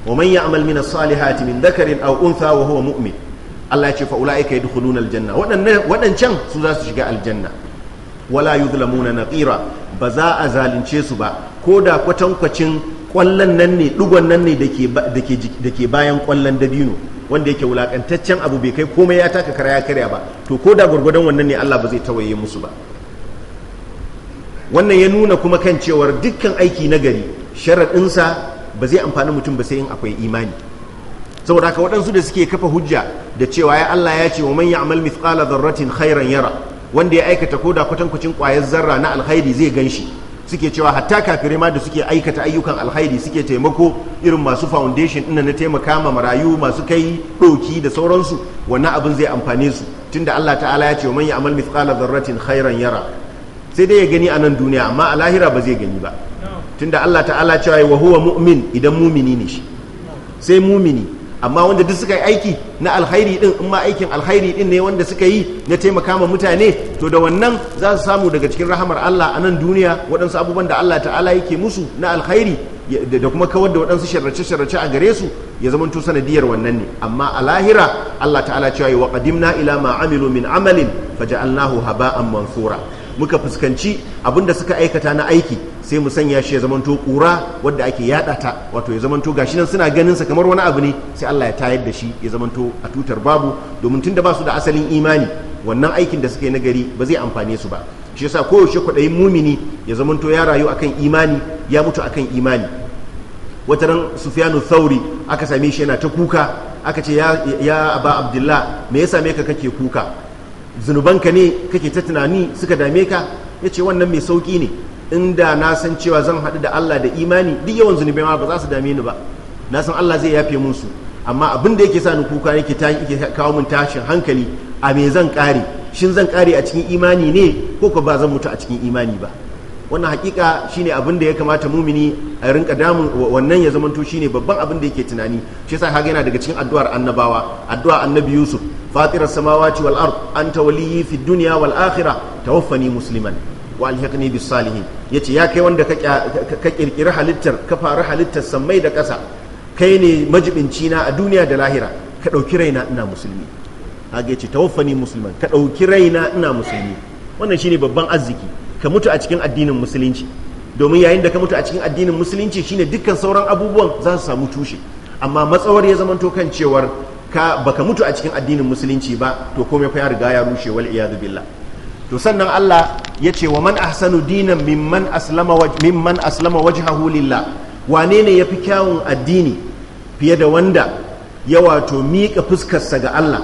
wa man ya'mal min as-salihati min dhakarin aw untha wa huwa mu'min Allah ya ce fa ulaika yadkhuluna aljanna waɗannan waɗancan su za su shiga aljanna wala yuzlamuna naqira ba za a zalunce su ba ko da kwatankwacin ƙwallon nan ne dugon nan ne da ke bayan ƙwallon dabino wanda yake wulakantaccen abu bai kai komai ya taka kara ya karya ba to ko da gwargwadon wannan ne Allah ba zai tawaye musu ba wannan ya nuna kuma kan cewar dukkan aiki na gari sharaɗinsa ba zai amfani mutum ba sai in akwai imani saboda haka waɗansu da suke kafa hujja da cewa ya Allah ya ce wa man amal mithqala dharratin khairan yara wanda ya aikata ko koda kwatankwacin kwayar zarra na alkhairi zai gan shi suke cewa hatta kafirai ma da suke aikata ayyukan alkhairi suke taimako irin masu foundation ina na taimaka ma marayu masu kai doki da sauransu wannan abin zai amfane su tunda Allah ta'ala ya ce man ya'mal mithqala dharratin khairan yara sai dai ya gani a nan duniya amma a lahira ba zai gani ba tunda Allah ta'ala ce wa huwa mu'min idan mumini ne shi sai mumini amma wanda duk suka yi aiki na alkhairi din in ma aikin alkhairi din ne wanda suka yi na taimaka ma mutane to da wannan za su samu daga cikin rahamar Allah a nan duniya waɗansu abubuwan da Allah ta'ala yake musu na alkhairi da kuma kawar da waɗansu sharrace-sharrace a gare su ya zama to sanadiyar wannan ne amma a lahira Allah ta'ala cewa wa qadimna ila ma amilu min amalin faja'alnahu haba'an mansura muka fuskanci abin da suka aikata na aiki sai mu sanya shi ya zamanto kura wadda ake yada ta wato ya zamanto gashi nan suna ganin sa kamar wani abu ne sai Allah ya tayar da shi ya zamanto a tutar babu domin tunda ba su da asalin imani wannan aikin da suka yi nagari ba zai amfane su ba shi yasa koyaushe kwaɗayin mumini ya zamanto ya rayu akan imani ya mutu akan imani wata ran sufyanu thauri aka same shi yana ta kuka aka ce ya, ya aba abdullah me ya same ka kake kuka zunubanka ne kake ta tunani suka dame ka ya ce wannan mai sauki ne inda na san cewa zan haɗu da Allah da imani duk yawan zunubai ma ba za su dame ni ba na san Allah zai yafe mun su amma abin da yake sa ni kuka yake kawo min tashin hankali a me zan kare shin zan kare a cikin imani ne ko ko ba zan mutu a cikin imani ba wannan hakika shine abin da ya kamata mumini a rinka damun wannan ya zamanto shine babban abin da yake tunani shi yasa kaga yana daga cikin addu'ar annabawa addu'ar annabi Yusuf fatirar samawati wal ard anta waliyyi fi dunya wal akhirah tawaffani musliman wa alhiqni bis salihin yace ya kai wanda ka kirkiri halittar ka faru halittar sammai da ƙasa kai ne majibinci na a duniya da lahira ka ɗauki raina ina musulmi haka yace tawaffani musliman ka ɗauki raina ina musulmi wannan shine babban arziki ka mutu a cikin addinin musulunci domin yayin da ka mutu a cikin addinin musulunci shine dukkan sauran abubuwan za su samu tushe amma matsawar ya zamanto kan cewar ka baka mutu a cikin addinin musulunci ba to komai fa ya riga ya rushe wal iyadu billah to sannan Allah ya ce wa man ahsanu dinan mimman aslama waj mimman aslama wajhahu lillah wane ne yafi kyawun addini fiye da wanda ya wato miƙa fuskarsa ga Allah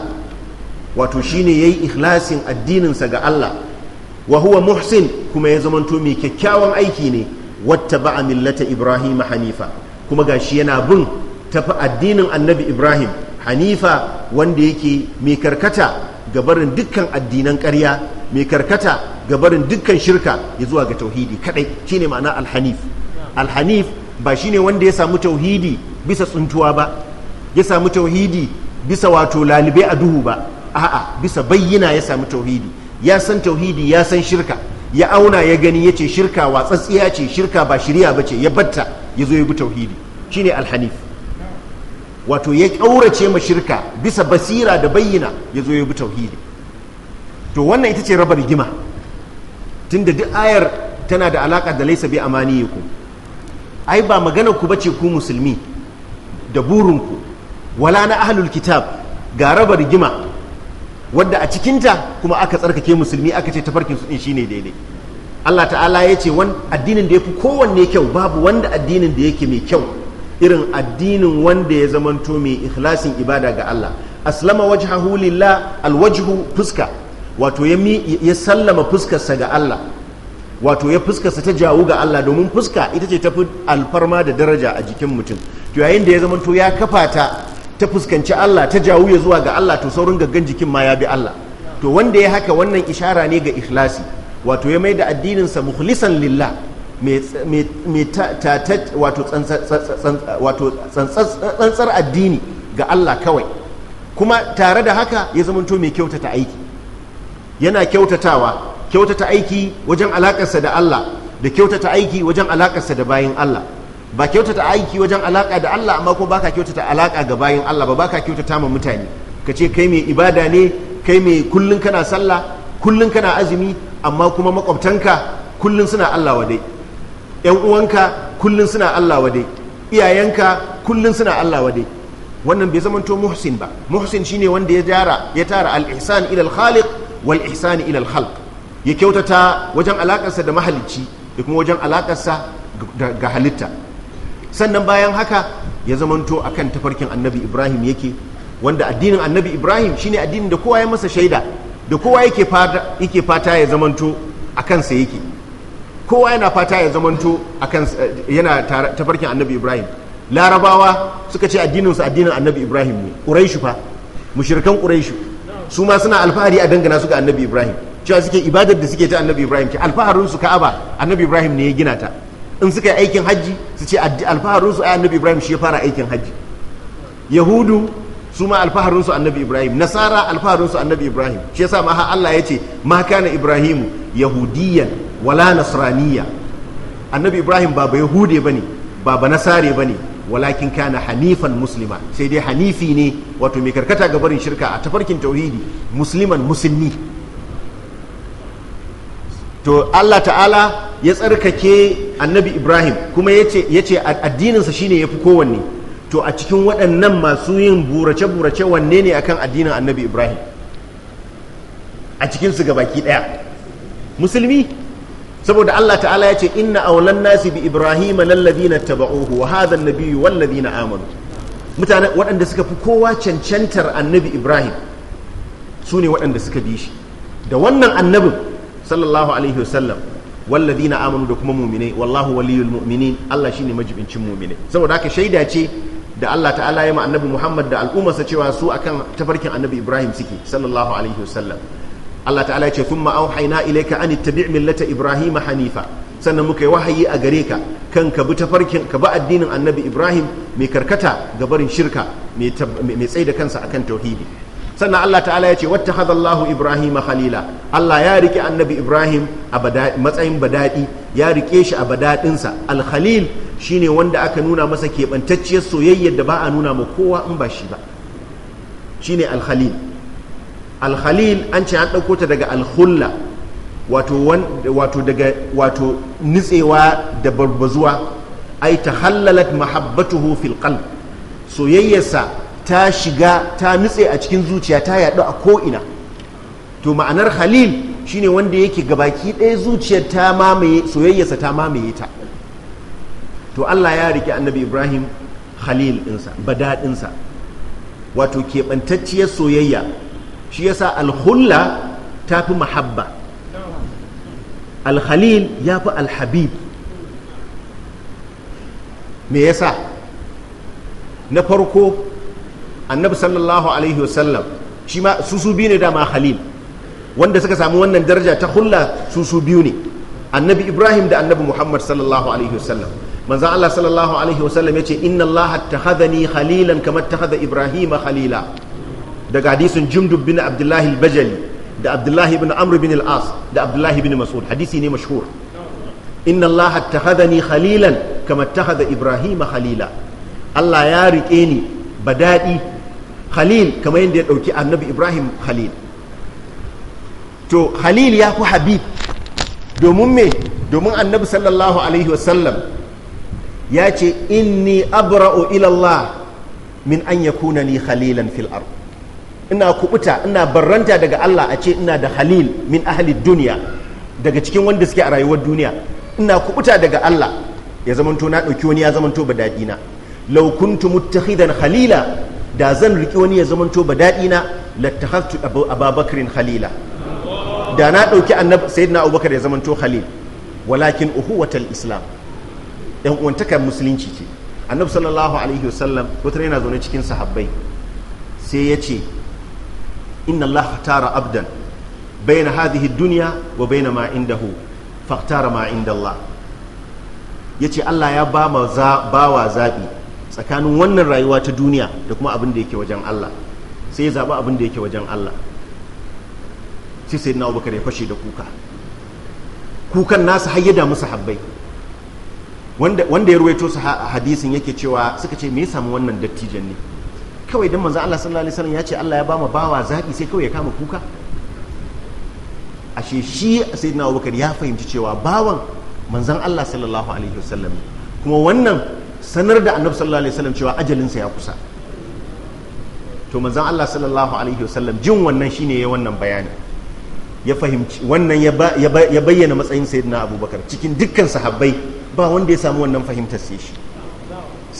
wato shine yayi ikhlasin addininsa ga Allah wa huwa muhsin kuma ya zamanto mai kyakkyawan aiki ne wattaba'a millata ibrahim hanifa kuma gashi yana bin tafi addinin annabi ibrahim hanifa wanda yake mai karkata ga barin dukkan addinan karya mai karkata ga barin dukkan shirka ya zuwa ga tauhidi kadai shine ma'ana alhanif alhanif ba shine wanda ya samu tauhidi bisa tsuntuwa ba ya samu tauhidi bisa wato lalibai a duhu ba a'a bisa bayyana ya samu tauhidi ya san tauhidi ya san shirka ya auna ya gani ya ce shirka watsatsiya ce shirka ba shirya ba ce ya batta ya zo ya bi tauhidi shine alhanif wato ya ƙaurace ma shirka bisa basira da bayyana ya zo ya bi tauhidi to wannan ita ce raba rigima tunda duk ayar tana da alaƙa da laisa bi ku ai ba magana ku bace ku musulmi da burinku wala na ahlul kitab ga raba rigima wadda a cikinta kuma aka tsarkake musulmi aka ce tafarkin su din shine daidai Allah ta'ala ya ce addinin da ya fi kowanne kyau babu wanda addinin da yake mai kyau irin addinin wanda ya zamanto mai ikhlasin ibada ga Allah aslama wajhahu lillah alwajhu fuska wato ya ya sallama fuskarsa ga Allah wato ya fuskarsa ta jawu ga Allah domin fuska ita ce tafi alfarma da daraja a jikin mutum to yayin da ya zamanto ya kafa ta ta fuskanci Allah ta jawu ya zuwa ga Allah to saurin gaggan jikin ma ya bi Allah to wanda ya haka wannan ishara ne ga ikhlasi wato ya mai da addininsa mukhlisan lillah wato tsantsar addini ga Allah kawai kuma tare da haka ya zamanto mai kyautata aiki yana kyautatawa kyautata aiki wajen alakarsa da Allah da kyautata aiki wajen alakarsa da bayin Allah ba kyautata aiki wajen alaka da Allah amma ko baka kyautata alaka ga bayin Allah ba baka kyautata ma mutane ka ce kai mai ibada ne kai mai kullun kana sallah kullun kana azumi amma kuma makwabtanka kullun suna Allah wadai yan uwanka kullun suna Allah wade iyayenka kullun suna Allah wade wannan bai zamanto muhsin ba muhsin shine wanda ya jara ya tara al-ihsan ila al-khaliq wal ihsan ila al ya kyautata wajen alakarsa da mahalicci da kuma wajen alakarsa ga halitta sannan bayan haka ya zamanto akan tafarkin annabi ibrahim yake wanda addinin annabi ibrahim shine addinin da kowa ya masa shaida da kowa yake fata ya zamanto a kansa yake kowa yana fata ya zamanto akan eh, yana tafarkin annabi ibrahim larabawa suka ce addininsu addinin annabi ibrahim ne ƙuraishu fa mushirikan ƙuraishu su ma suna alfahari a dangana su ga annabi ibrahim cewa suke ibadar da suke ta annabi ibrahim ce alfaharinsu ka ka'aba annabi ibrahim ne ya gina ta in suka yi aikin hajji su ce alfaharinsu ai annabi ibrahim shi ya fara aikin hajji yahudu su ma alfaharinsu annabi ibrahim nasara alfaharin annabi ibrahim shi yasa ma Allah ya ce ma kana ibrahimu yahudiyan wala nasraniya annabi ibrahim ba yahude bane ba ba nasare bane walakin kana hanifan muslima sai dai hanifi ne wato mai karkata ga barin shirka a tafarkin tauhidi musliman musulmi to Allah ta'ala ya tsarkake annabi ibrahim kuma ya ce addininsa shine ya fi kowanne to a cikin waɗannan masu yin burace-burace wanne ne akan addinin annabi ibrahim a cikinsu gabaki ɗaya musulmi saboda Allah ta'ala ya ce inna aulan nasi bi ibrahim lalladina taba'uhu wa hadha an-nabiyyu walladina amanu mutane waɗanda suka fi kowa cancantar annabi ibrahim su ne waɗanda suka bi shi da wannan annabin sallallahu alaihi wasallam walladina amanu da kuma mu'minai wallahu waliyul mu'minin Allah shine majibincin mumine saboda haka shaida ce da Allah ta'ala ya ma annabi Muhammad da al'ummarsa cewa su akan tafarkin annabi Ibrahim suke sallallahu alaihi wasallam Allah ta'ala ya ce thumma auhayna ilayka an ittabi' millata ibrahim hanifa sannan muka yi wahayi a gare ka kan ka bi tafarkin ka bi addinin annabi ibrahim mai karkata ga barin shirka mai tsaye da kansa akan tauhidi sannan Allah ta'ala ya ce wattakhadha hadallahu Ibrahim halila Allah ya rike annabi Ibrahim a matsayin badadi ya rike shi a badadinsa al khalil shine wanda aka nuna masa keɓantacciyar soyayyar da ba a nuna ma kowa in ba shi ba shine al khalil alkhalil an ce an ɗauko ta daga alhulla wato daga wato nitsewa da barbazuwa ai ta hallalat mahabbatuhu fil qalb soyayyarsa ta shiga ta nitse a cikin zuciya ta yaɗu a ko'ina to ma'anar khalil shine wanda yake gabaki ɗaya zuciyar ta mamaye soyayyarsa ta mamaye ta to Allah ya rike annabi Ibrahim halil ɗinsa badaɗinsa wato keɓantacciyar soyayya shi yasa alhulla ta fi mahabba alhalil ya fi alhabib me yasa na farko annabi sallallahu alaihi wasallam shi ma susu biyu ne dama halil wanda suka samu wannan daraja ta hulla susu biyu ne annabi ibrahim da annabi muhammad sallallahu alaihi wasallam manzo Allah sallallahu alaihi wasallam yace inna Allah takhadhani khalilan kama takhadha Ibrahim khalila daga hadisin jundub bin abdullahi bajali da abdullahi bin amru bin al-as da abdullahi bin mas'ud hadisi ne mashhur inna allaha attakhadhani khalilan kama attakhadha ibrahima khalila allah ya rike ni badadi khalil kama yadda ya dauki annabi ibrahim khalil to khalil ya fi habib domin me domin annabi sallallahu alaihi wasallam ya ce inni abra'u ilallah min an yakuna ni khalilan fil ard ina kubuta ina barranta daga Allah a ce ina da halil min ahli duniya daga cikin wanda suke a rayuwar duniya ina kubuta daga Allah ya zamanto na dauki wani ya zamanto ba dadi na law kuntu muttakhidan khalila da zan riki wani ya zamanto ba dadi na lattakhaftu ababakrin khalila da na dauki annabi sayyidina abubakar ya zamanto khalil walakin uhuwatal islam yan uwantaka musulunci ce annabi sallallahu alaihi yana zaune cikin sahabbai sai ya ce inna Allah tara abdan bayna hadhihi duniya wa bayna ma indahu faktara ma inda Allah yace Allah ya ba ma bawa zabi tsakanin wannan rayuwa ta duniya da kuma abin da yake wajen Allah sai ya zaba abin da yake wajen Allah sai sayyidina Abubakar ya fashe da kuka kukan nasa har ya damu sahabbai wanda ya ruwaito su hadisin yake cewa suka ce me ya samu wannan dattijan ne kawai don manzan Allah sallallahu alaihi wasallam ya ce Allah ya ba mu bawa zaɓi sai kawai ya kama kuka ashe shi sayyidina Abubakar ya fahimci cewa bawan manzan Allah sallallahu alaihi wasallam kuma wannan sanar da annabi sallallahu alaihi wasallam cewa ajalinsa ya kusa to manzan Allah sallallahu alaihi wasallam jin wannan shine ya wannan bayani ya fahimci wannan ya bayyana matsayin sayyidina Abubakar cikin dukkan sahabbai ba wanda ya samu wannan fahimtar sai shi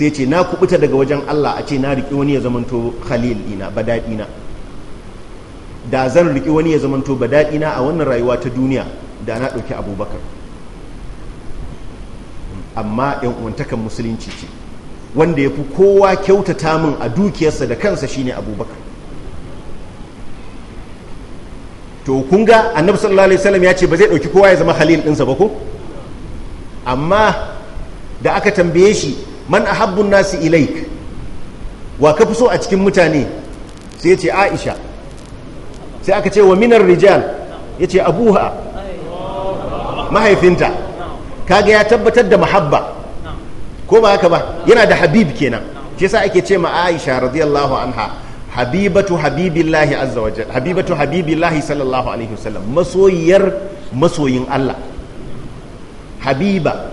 sai ce na kubuta daga wajen Allah a ce na riƙi wani ya zamanto khalil ina badaɗina da zan riƙi wani ya zamanto badaɗina a wannan rayuwa ta duniya da na ɗauki abubakar amma yan uwantakan musulunci ce wanda ya fi kowa kyautata min a dukiyarsa da kansa shine abubakar to kun ga annabi sallallahu alaihi wasallam ya ce ba zai ɗauki kowa ya zama khalil ɗinsa ba ko amma da aka tambaye shi man ahabbun nasi ilaik wa ka fi so a cikin mutane sai ya ce aisha sai aka ce wa minar rijal ya ce abuha mahaifinta kaga ya tabbatar da mahabba ko ba haka ba yana da habib kenan Ke sa ake ce ma aisha radiyallahu anha habibatu habibillahi azza wajal habibatu habibillahi sallallahu alaihi wasallam masoyiyar masoyin Allah habiba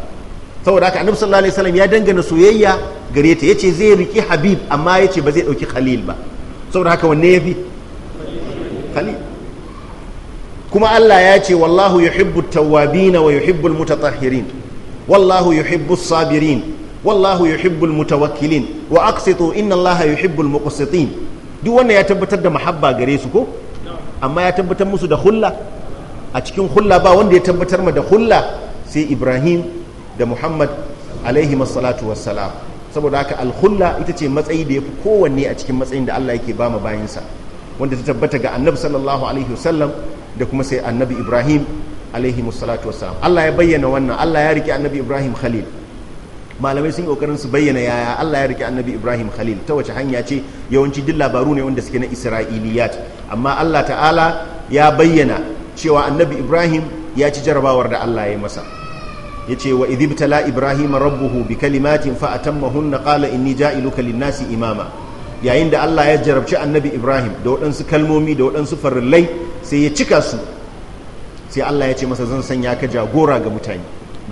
saboda haka annabi sallallahu alaihi wasallam ya dangana soyayya gare ta yace zai riki habib amma yace ba zai dauki khalil ba saboda haka wanne khalil kuma Allah ya ce wallahu yuhibbu at-tawwabin wa yuhibbu al-mutatahhirin wallahu yuhibbu as-sabirin wallahu yuhibbu al-mutawakkilin wa aqsitu inna Allah yuhibbu al-muqsitin duk wannan ya tabbatar da mahabba gare su ko amma ya tabbatar musu da hulla a cikin hulla ba wanda ya tabbatar ma da hulla sai Ibrahim da muhammad alaihi masalatu wassalam saboda haka alhulla ita ce matsayi da ya fi kowanne a cikin matsayin da allah yake ba ma bayansa wanda ta tabbata ga annabi sallallahu alaihi wasallam da kuma sai annabi ibrahim alaihi masalatu wassalam allah ya bayyana wannan allah ya rike annabi ibrahim khalil malamai sun yi kokarin su bayyana yaya Allah ya rike annabi Ibrahim Khalil ta wace hanya ce yawanci duk labaru ne wanda suke na Isra'iliyat amma Allah ta'ala ya bayyana cewa annabi Ibrahim ya ci jarabawar da Allah ya masa yace wa idibtala ibrahim rabbuhu bi kalimatin fa a kala in ni ja'iluka lin-nasi imama yayin da Allah ya jarabci annabi ibrahim da waɗansu kalmomi da waɗansu farillai sai ya cika su sai Allah ya ce masa zan sanya ka jagora ga mutane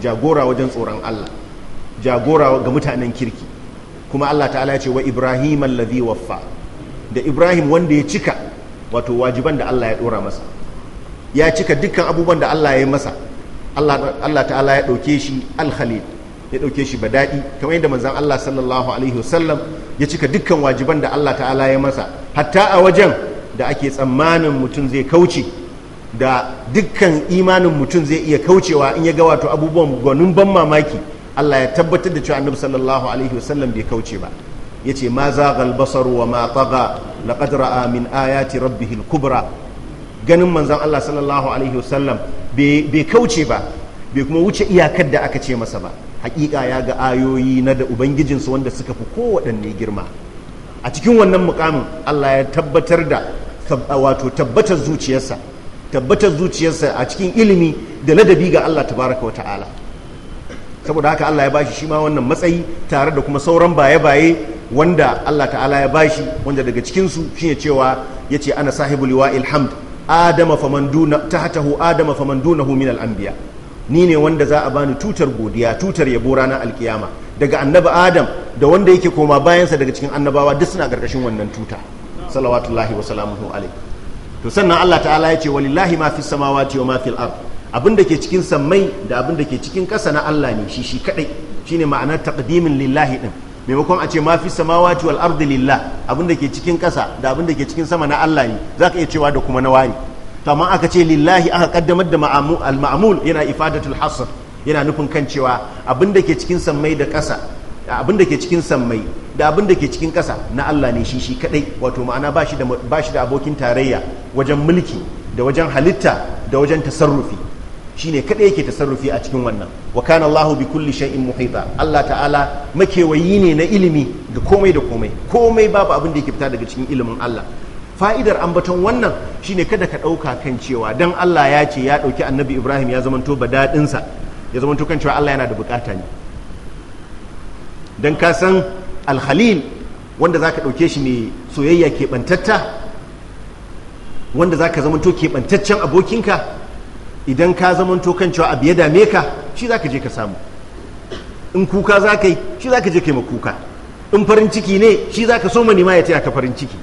jagora wajen tsoron Allah jagora ga mutanen kirki kuma Allah ta'ala ya ce wa ibrahim waffa da ibrahim wanda ya cika wato wajiban da Allah ya dora masa ya cika dukkan abubuwan da Allah ya yi masa Allah ta'ala ya ɗauke shi alhali ya ɗauke shi ba daɗi kamar yadda manzan Allah sallallahu alaihi wasallam ya cika dukkan wajiban da Allah ta'ala ya masa hatta a wajen da ake tsammanin mutum zai kauce da dukkan imanin mutum zai iya kaucewa in ya ga wato abubuwan gwanin ban mamaki Allah ya tabbatar da cewa annabi sallallahu alaihi wasallam bai kauce ba yace ma zaghal basaru wa ma tagha laqad ra'a min ayati rabbihil kubra ganin manzan Allah sallallahu alaihi wasallam bai kauce ba bai kuma wuce iyakar da aka ce masa ba hakika ya ga ayoyi na da ubangijinsu wanda suka fi kowaɗanne girma a cikin wannan mukamin allah ya tabbatar da wato tabbatar zuciyarsa tabbatar zuciyarsa a cikin ilimi da ladabi ga allah tabaraka wa ta'ala saboda haka allah ya bashi shi ma wannan matsayi tare da kuma sauran baye-baye wanda allah ta'ala ya bashi wanda daga cikinsu shine cewa ya ce ana sahibu liwa ilhamd adama hata duna adama faman dunahu min al’ambiya anbiya ni ne wanda za a bani tutar godiya tutar yabo ranar alkiyama daga annaba adam da wanda yake koma bayansa daga cikin annabawa duk suna karkashin wannan tuta salawatullahi wa salamuhu alaihi to sannan Allah ta'ala ya ce walillahi ma fis samawati wa ma fil ard abin da ke cikin sammai da abin da ke cikin ƙasa na Allah ne shi shi kadai shine ma'anar taqdimin lillahi ɗin. maimakon a ce ma fi samawati wal ardi lillah abin da ke cikin kasa da abin da ke cikin sama na Allah ne zaka iya cewa da kuma na wani to amma aka ce lillahi aka kaddamar da al ma'mul yana ifadatul hasr yana nufin kan cewa abin da ke cikin sammai da ƙasa abin da ke cikin sammai da abin ke cikin kasa na Allah ne shi shi kadai wato ma'ana ba shi da abokin tarayya wajen mulki da wajen halitta da wajen tasarrufi shine kadai yake tasarrufi a cikin wannan wa kana Allahu bi kulli shay'in muhita Allah ta'ala makewayi ne na ilimi ga komai da komai komai babu abin da yake fita daga cikin ilimin Allah fa'idar ambaton wannan shine kada ka dauka kan cewa dan Allah ya ce ya dauki Annabi Ibrahim ya zamanto badadin sa ya zamanto kan cewa Allah yana da bukata ne dan ka san al-Khalil wanda zaka dauke shi ne soyayya kebantatta wanda zaka zamanto keɓantaccen abokinka idan ka zamanto kan cewa abu ya dame ka shi za ka je ka samu in kuka za ka yi shi za ka je ka yi kuka in farin ciki ne shi za ka soma nema ya taya ka farin ciki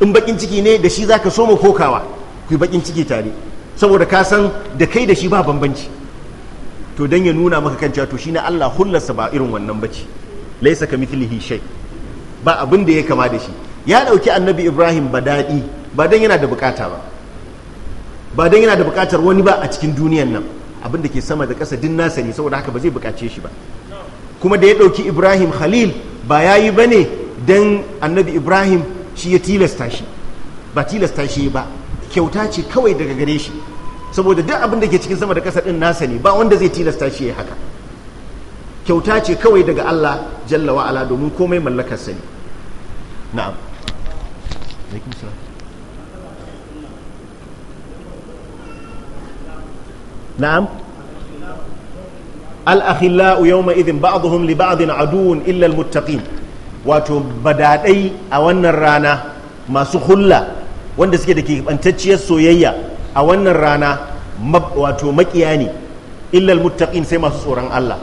in bakin ciki ne da shi za ka soma kokawa ku yi bakin ciki tare saboda ka san da kai da shi ba bambanci to dan ya nuna maka kan cewa to shine Allah hullarsa ba irin wannan bace laisa ka mithlihi shai ba abin da ya kama da shi ya dauki annabi Ibrahim ba dadi ba dan yana da bukata ba ba don yana da bukatar wani ba a cikin duniyan nan abin da ke sama da ƙasa din nasa ne saboda haka ba zai bukace shi ba kuma da ya ɗauki ibrahim khalil ba ya yi ba ne don annabi ibrahim shi ya tilasta shi ba tilasta shi ba kyauta ce kawai daga gare shi saboda duk abin da ke cikin sama da ƙasa din nasa ne ba wanda zai tilasta shi ya haka kyauta ce kawai daga allah jalla wa'ala domin komai mallakarsa ne na'am na'am al-akhillau yawma idhin ba'dhum li ba'dhin aduwwun illa al-muttaqin wato badadai a wannan rana masu hulla wanda suke da keɓantacciyar soyayya a wannan rana wato makiya illal muttaqin sai masu tsoron Allah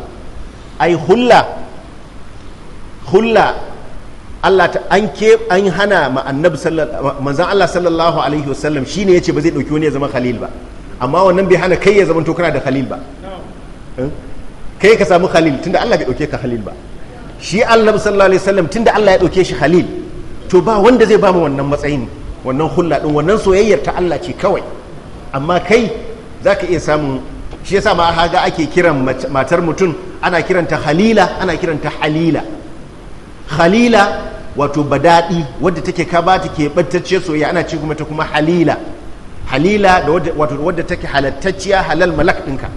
ai hulla hulla Allah ta an ke an hana ma annabi Allah sallallahu alaihi wasallam shine yace ba zai dauki wani ya zama khalil ba amma wannan bai hana kai ya zama kana da khalil ba eh? kai ka samu khalil tunda Allah bai dauke ka khalil ba shi Allah sallallahu alaihi wasallam tunda Allah ya dauke shi khalil to ba wanda zai ba mu wannan matsayin wannan hulla din wannan soyayyar ta Allah ce kawai amma kai zaka iya samun shi yasa ma haga ake kiran matar mutum ana kiranta halila ana kiranta halila khalila wato badadi wadda take ka ba take keɓantacce soyayya ana ce kuma ta kuma halila halila da wadda take halattacciya halal malak ɗinka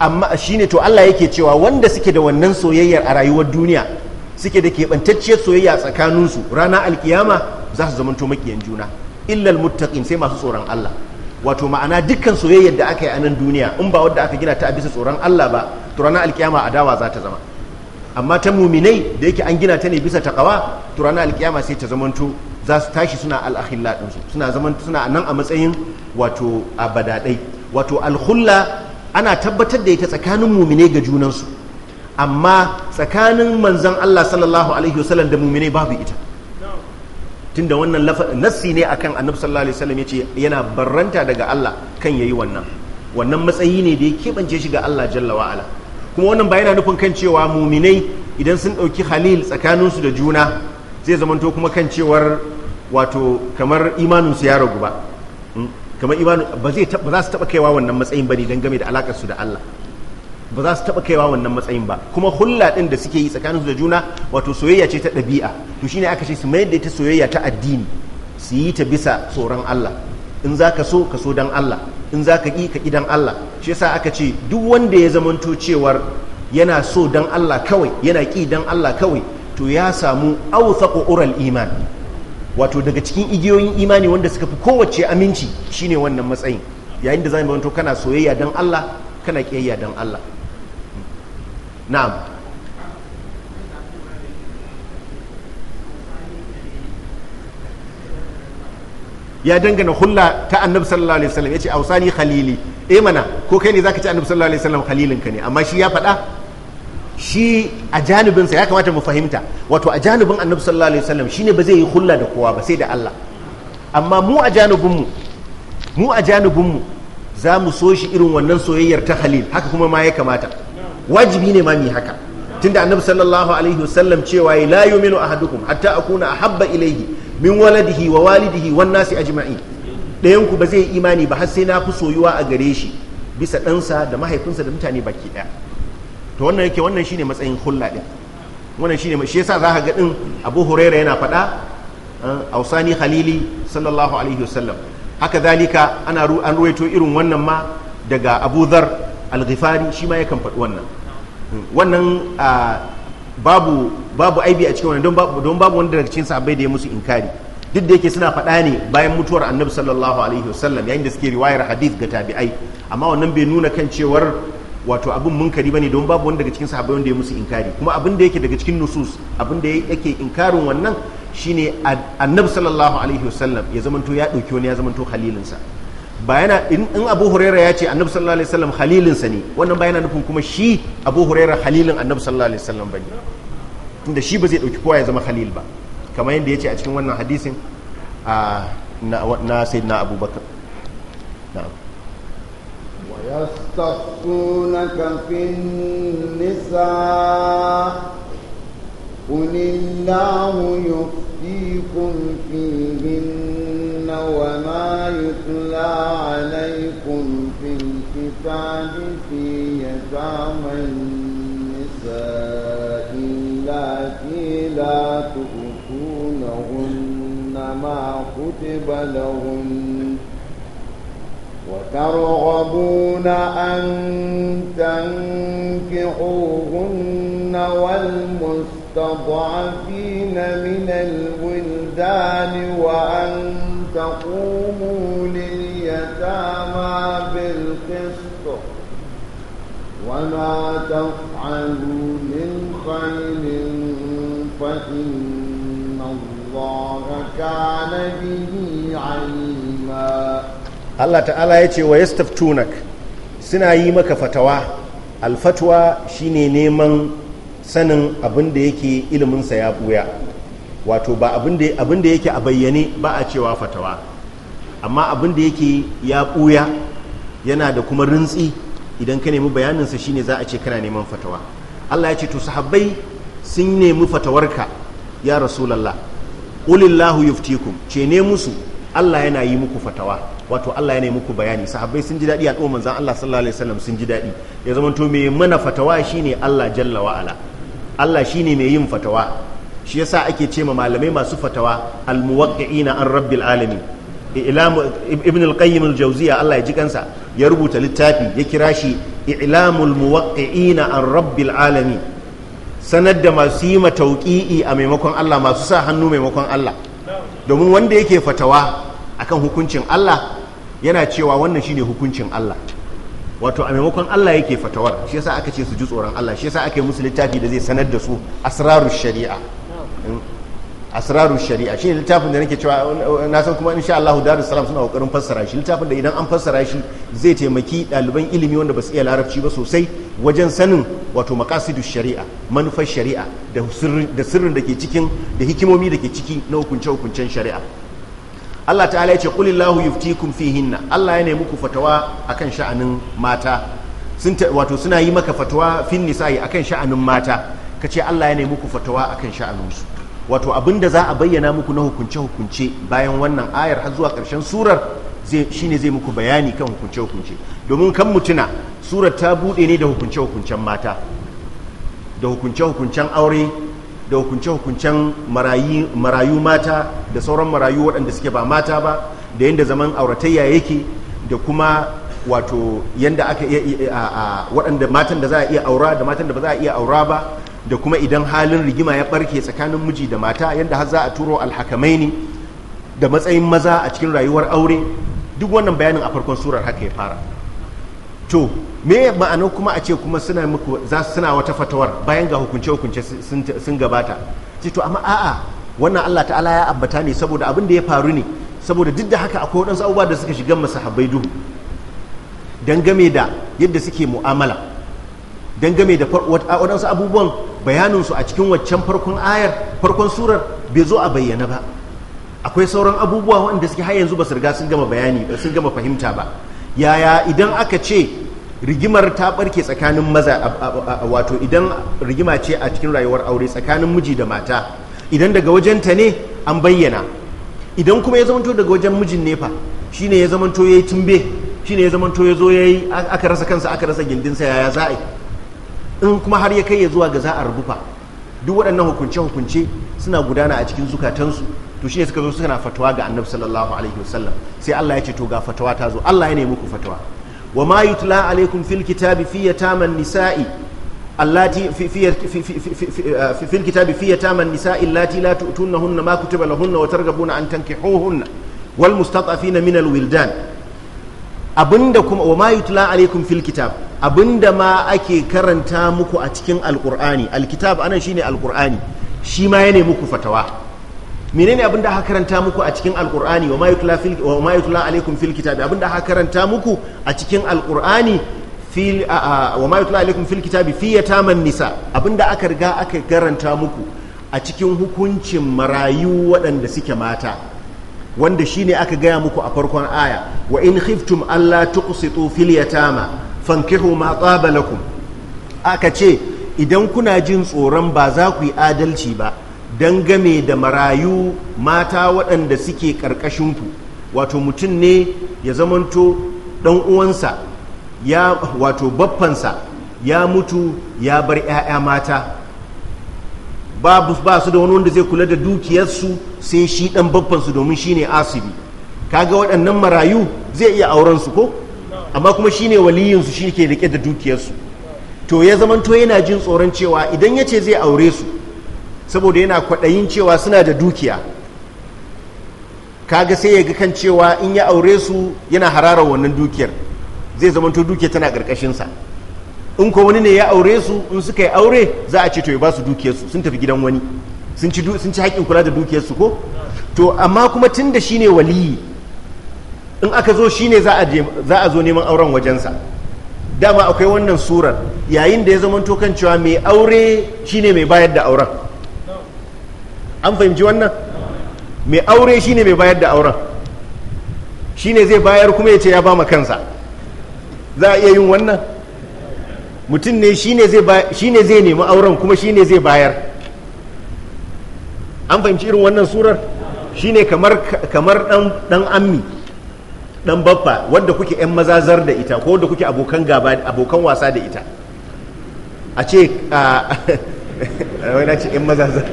amma shine to Allah yake cewa wanda suke da wannan soyayyar a rayuwar duniya suke da keɓantacciyar soyayya tsakaninsu rana alkiyama za su zamanto makiyan juna illal muttaqin sai masu tsoron Allah wato ma'ana dukkan soyayyar da aka yi anan duniya in ba wadda aka gina ta a bisa tsoron Allah ba to rana alkiyama adawa za ta zama amma ta muminai da yake an gina ta ne bisa kawa to rana alkiyama sai ta zamanto za su tashi suna al'akhilla ɗinsu suna zaman suna nan a matsayin wato badaɗai wato alhulla ana tabbatar da ita tsakanin mumine ga junansu amma tsakanin manzan Allah sallallahu alaihi wasallam da mumine babu ita tunda wannan nassi ne akan annabi sallallahu alaihi wasallam yace yana barranta daga Allah kan yayi wannan wannan matsayi ne da ya keɓance shi ga Allah jalla ala kuma wannan ba yana nufin kan cewa muminai idan sun ɗauki halil tsakaninsu da juna zai zamanto kuma kan cewar wato kamar imaninsu ya ragu ba hmm? kamar imanin ba za su taɓa kaiwa wannan matsayin ba ne game da alakarsu da Allah ba za su taɓa kaiwa wannan matsayin ba kuma hulla ɗin da suke yi tsakaninsu da juna wato soyayya ce ta ɗabi'a to shine aka ce su mai da ita soyayya ta addini su yi ta bisa tsoron Allah in za ka so ka so dan Allah in za ka ƙi ka ƙi dan Allah shi yasa aka ce duk wanda ya zamanto cewar yana so dan Allah kawai yana ƙi dan Allah kawai to ya samu awthaqu ural iman wato daga cikin igiyoyin imani wanda suka fi kowace aminci shine wannan matsayin yayin da za mu wanto kana soyayya don Allah kana kiyayya don Allah na'am ya dangana hulla ta annabi sallallahu alaihi wasallam yace ausani khalili eh mana ko kai ne zaka ci annabi sallallahu alaihi wasallam khalilinka ne amma shi ya faɗa shi a janibinsa ya kamata mu fahimta wato a janibin annabi sallallahu alaihi wasallam shine ba zai yi hulla da kowa ba sai da Allah amma mu a janibinmu mu a janibinmu za mu so shi irin wannan soyayyar ta halil haka kuma ma ya kamata wajibi ne ma mu haka tunda annabi sallallahu alaihi wasallam cewa la yu'minu ahadukum hatta akuna ahabba ilayhi min waladihi wa walidihi wan nasi ajma'in dayan ku ba zai yi imani ba har sai na fi soyuwa a gare shi bisa ɗansa da mahaifinsa da mutane baki ɗaya to wannan yake wannan shine matsayin hulla din wannan shine shi yasa za ka ga din Abu Huraira yana faɗa eh, ausani khalili sallallahu alaihi wasallam haka zalika ana an ruwaito irin wannan ma daga Abu Dhar al-Ghifari shi ma yakan faɗi wannan wannan babu babu aibi a cikin wannan don babu don babu wanda daga cikin sahabbai da ya musu inkari duk da yake suna faɗa ne bayan mutuwar annabi sallallahu alaihi wasallam yayin da suke riwayar hadith ga tabi'ai amma wannan bai nuna kan cewar wato abin munkari bane don babu wanda daga cikin sahabbai wanda ya musu inkari kuma abin da yake daga cikin nusus abin da yake inkarin wannan shine annabi sallallahu alaihi wasallam ya zamanto ya dauki wani ya zamanto halilinsa. ba yana in abu huraira ya ce annabi sallallahu alaihi wasallam halilinsa ne wannan ba yana nufin kuma shi abu huraira khalilin annabi sallallahu alaihi wasallam bane tunda shi ba zai dauki kowa ya zama khalil ba kamar yadda ya ce a cikin wannan hadisin na sayyidina abubakar na'am يستخفونك في النساء قل الله يفتيكم فيهن وما يتلى عليكم في الكتاب في يتامى النساء اللاتي لا تؤتونهن ما كتب لهن وترغبون أن تنكحوهن والمستضعفين من الولدان وأن تقوموا لليتامى بالقسط وما تفعلوا من خير فإن الله كان به عليما Allah ta'ala ya ce wa yastaftunak suna yi maka fatawa alfatwa shine neman sanin abin da yake iliminsa ya buya wato ba abin da yake a bayyane ba a cewa fatawa amma abin da yake ya buya yana da kuma rintsi idan ka nemi bayaninsa shine za a ce kana neman fatawa Allah ya ce to sahabbai sun nemi fatawarka ya rasulallah ulillahu yuftikum ce ne musu Allah yana yi muku fatawa wato Allah yana yi muku bayani sahabbai sun ji daɗi al'umma zan Allah sallallahu alaihi wasallam sun ji daɗi ya zama to me mana fatawa shine Allah jalla wa ala Allah shine mai yin fatawa shi yasa ake ce ma malamai masu fatawa muwaqqi'ina an rabbil alamin ibn al-qayyim al-jawziya Allah ya ji kansa ya rubuta littafi ya kira shi i'lamul muwaqqi'ina an rabbil alamin sanar da masu yi matauƙi'i a maimakon Allah masu sa hannu maimakon Allah domin wanda yake fatawa akan hukuncin Allah yana cewa wannan shine hukuncin Allah wato a maimakon Allah yake fatawar shi yasa aka ce su ji tsoron Allah shi yasa aka yi musu littafi da zai sanar da su asrarus shari'a hmm. asrarus shari'a shine littafin da nake cewa na san kuma insha Allah Darus Salam suna kokarin fassara shi littafin da idan an fassara shi zai taimaki ɗaliban ilimi wanda ba su iya larabci ba sosai wajen sanin wato maqasidus shari'a manufar shari'a da sirrin da ke cikin da hikimomi da ke ciki na hukunce hukuncen shari'a Allah ta'ala ya ce yufti kun fi hinna, Allah ya nemi ku fatawa a kan sha'anin mata wato suna yi maka fatawa fin nisa'i kan sha'anin mata Ka ce Allah ya nemi ku fatawa a kan sha'aninsu wato abinda za a bayyana muku na hukunce hukunce bayan wannan ayar har zuwa karshen surar shi shine zai muku bayani kan hukunce hukunce domin kan mutuna surar ta buɗe ne da hukunce hukuncen mata da hukunce hukuncen aure da hukunce-hukuncen marayu mata da sauran marayu waɗanda suke ba mata ba da yadda zaman auratayya yake da kuma wato yadda aka iya waɗanda matan da za a iya aura da matan da ba za a iya aura ba da kuma idan halin rigima ya ɓarke tsakanin miji da mata yadda har za a turo alhakamai ne da matsayin maza a cikin rayuwar aure duk wannan bayanin a farkon surar haka ya fara to me ma'ana kuma a ce kuma suna muku za suna wata fatawar bayan ga hukunce hukunce sun gabata ce to amma a'a wannan Allah ta'ala ya ambata ne saboda abin da ya faru ne saboda duk da haka akwai wadansu abubuwa da suka shiga habai duhu game da yadda suke mu'amala game da waɗansu abubuwan bayaninsu a cikin waccan farkon ayar farkon surar bai zo a bayyana ba akwai sauran abubuwa wanda suke har yanzu ba su riga sun gama bayani sun gama fahimta ba yaya idan aka ce rigimar ta barke tsakanin maza wato idan rigima ce a cikin rayuwar aure tsakanin miji da mata idan daga wajen ta ne an bayyana idan kuma ya zamanto daga wajen mijin nefa shi ne ya zamanto ya yi tumbe ne ya zamanto ya zo ya yi aka rasa kansa aka rasa gindinsa yaya za'a in kuma har ya kai ya zuwa ga za a rubufa duk waɗannan hukunce hukunce suna gudana a cikin zukatansu to shi ne suka zo suna fatawa ga annabi sallallahu alaihi wasallam sai Allah ya ce to ga fatawa ta zo Allah ya nemi ku fatawa wa ma yutla alaikum fil kitabi fi yataman nisa'i allati fi fi fi fil kitabi fi yataman nisa'i allati la tu'tunahunna ma kutiba lahunna wa targhabuna an tankihuhunna wal mustata'fina min al wildan abinda kuma wa ma yutla alaikum fil kitab abinda ma ake karanta muku a cikin alqur'ani alkitab anan shine alqur'ani shi ma yana muku fatawa menene abinda aka karanta muku a cikin alqur'ani wa ma yutla fil wa ma yutla alaikum fil kitab abinda aka karanta muku a cikin alqur'ani fil wa ma yutla alaikum fil kitab fi yataman nisa abinda aka riga aka karanta muku a cikin hukuncin marayu waɗanda suke mata wanda shine aka gaya muku a farkon aya wa in khiftum alla tuqsitu fil yatama fankihu ma taba lakum aka ce idan kuna jin tsoron ba za ku yi adalci ba game da marayu mata waɗanda suke ƙarƙashinku wato mutum ne ya zamanto ɗan uwansa ya wato baffansa ya mutu ya bar 'ya'ya mata babu ba su da wani wanda zai kula da dukiyarsu sai shi dan babban su domin shine asibi kaga waɗannan marayu zai iya auren su ko amma kuma shine waliyin su ke rike da dukiyarsu to ya zamanto yana jin tsoron cewa idan ya ce zai aure su saboda yana kwaɗayin cewa suna da dukiya kaga sai ya ga kan cewa in ya aure su yana hararar wannan dukiyar zai zamanto dukiyar tana ƙarƙashinsa in ko wani ne ya aure su in suka yi aure za a ce to ya ba su dukiyarsu sun tafi gidan wani sun ci haƙƙin kula da dukiyarsu ko to amma kuma tun da shi ne waliyi in aka zo shi ne za a zo neman auren wajensa dama akwai wannan surar yayin da ya zama tokan cewa mai aure shi ne mai bayar da auren an fahimci wannan mai aure shi ne mai bayar da auren shi ne zai bayar kuma ya ce ya ba kansa za a iya yin wannan mutum ne shi ne zai nemi auren kuma shi ne zai bayar an fahimci irin wannan surar shi ne kamar dan ammi dan babba wadda kuke yan mazazar da ita ko wadda kuke abokan gaba abokan wasa da ita a ce a wani ce yan mazazar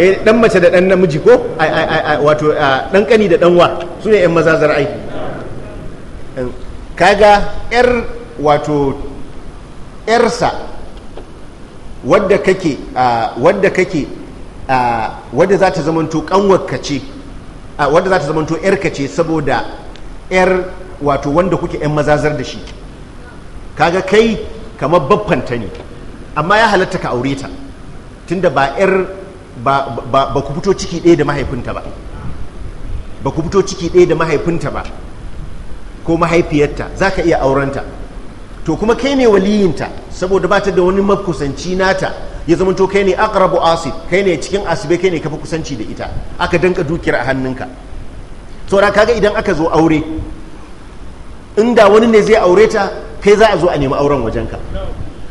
dan eh, mace da dan namiji ko wato dan kani da dan wa su ne yan mazazar aiki. kaga yar wato ƴarsa wadda kake wadda kake wadda za ta zamanto ce wadda za ta zamanto yarka ce saboda ƴar wato wanda kuke ƴan mazazar da shi kaga kai kamar baffanta ne amma ya halatta ka aure ta tunda ba ba ku fito ciki ɗaya da mahaifinta ba ba ku fito ciki ɗaya da mahaifinta ba ko mahaifiyarta za ka iya aurenta to kuma kai ne waliyinta saboda ba ta da wani makusanci nata ya zama to kai ne akarabu asib kai ne cikin asibe kai ne kafa kusanci da ita aka danka dukiyar a hannunka saura kaga idan aka zo aure inda wani ne zai aure ta kai za a zo a nemi auren wajenka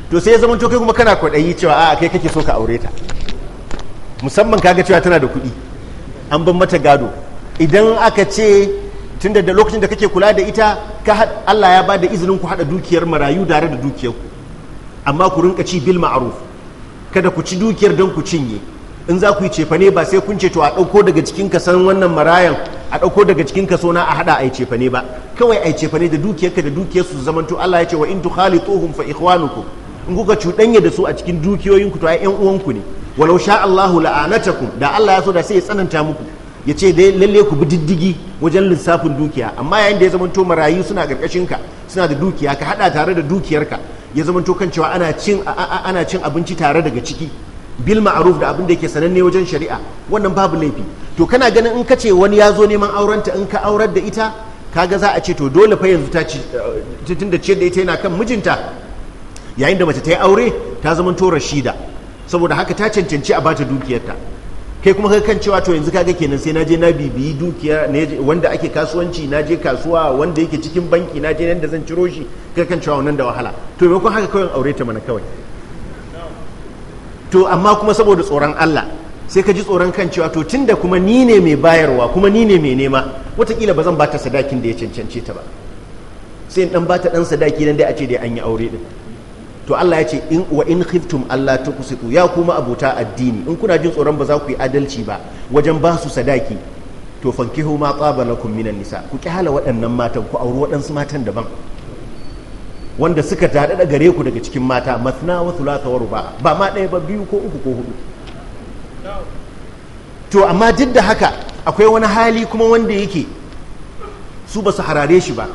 to sai ya zama to kai kuma kana kwaɗayi cewa a kai kake so ka aure ta musamman kaga cewa tana da kuɗi an ban mata gado idan aka ce tun da lokacin da kake kula da ita ka Allah ya ba da izinin ku haɗa dukiyar marayu dare da dukiyar ku amma ku rinka ci bil ma'ruf kada ku ci dukiyar don ku cinye in za ku yi cefane ba sai kun ce to a ɗauko daga cikin ka san wannan marayan a ɗauko daga cikin ka sona a hada ai cefane ba kawai ai cefane da dukiyar ka da dukiyar su zaman to Allah ya ce wa in tu khalituhum fa ikhwanukum in kuka cuɗanya da su a cikin dukiyoyin ku to ai ƴan uwanku ne walau sha Allahu la'anatakum da Allah ya so da sai ya tsananta muku ya ce dai lalle ku bi diddigi wajen lissafin dukiya amma yayin da ya zamanto marayu suna karkashin ka suna da dukiya ka hada tare da dukiyarka ya zamanto kan cewa ana cin ana cin abinci tare daga ciki bil ma'ruf da abin da yake sananne wajen shari'a wannan babu laifi to kana ganin in ka ce wani ya zo neman aurenta in ka aurar da ita kaga za a ce to dole fa yanzu ta ci eh, tunda ce da ita yana kan mijinta yayin da mace ta yi aure ta zamanto rashida saboda haka ta cancanci a bata dukiyarta kai kuma kai kan cewa to yanzu kaga kenan sai naje na bibiyi dukiya wanda ake kasuwanci naje kasuwa wanda yake cikin banki naje nan da zan ciro shi kai kan cewa wannan da wahala to maimakon haka kai aure ta mana kawai to amma kuma saboda tsoron Allah sai ka ji tsoron kan cewa to tunda kuma ni ne mai bayarwa kuma ni ne mai nema watakila ba zan bata sadakin da ya cancance ta ba sai in dan bata dan sadaki dan dai a ce dai an yi aure din to Allah ya ce in wa in khiftum Allah tuqsitu ya kuma abota addini in kuna jin tsoron ba za ku yi adalci ba wajen ba su sadaki to fankihu ma tsaba na minan nisa ku ki hala waɗannan matan ku auri waɗansu matan daban wanda suka daɗaɗa da gare ku daga cikin mata mathna wa thulatha wa ruba ba ma ɗaya ba biyu ko uku ko hudu to amma duk da haka akwai wani hali kuma wanda yake su ba su harare shi ba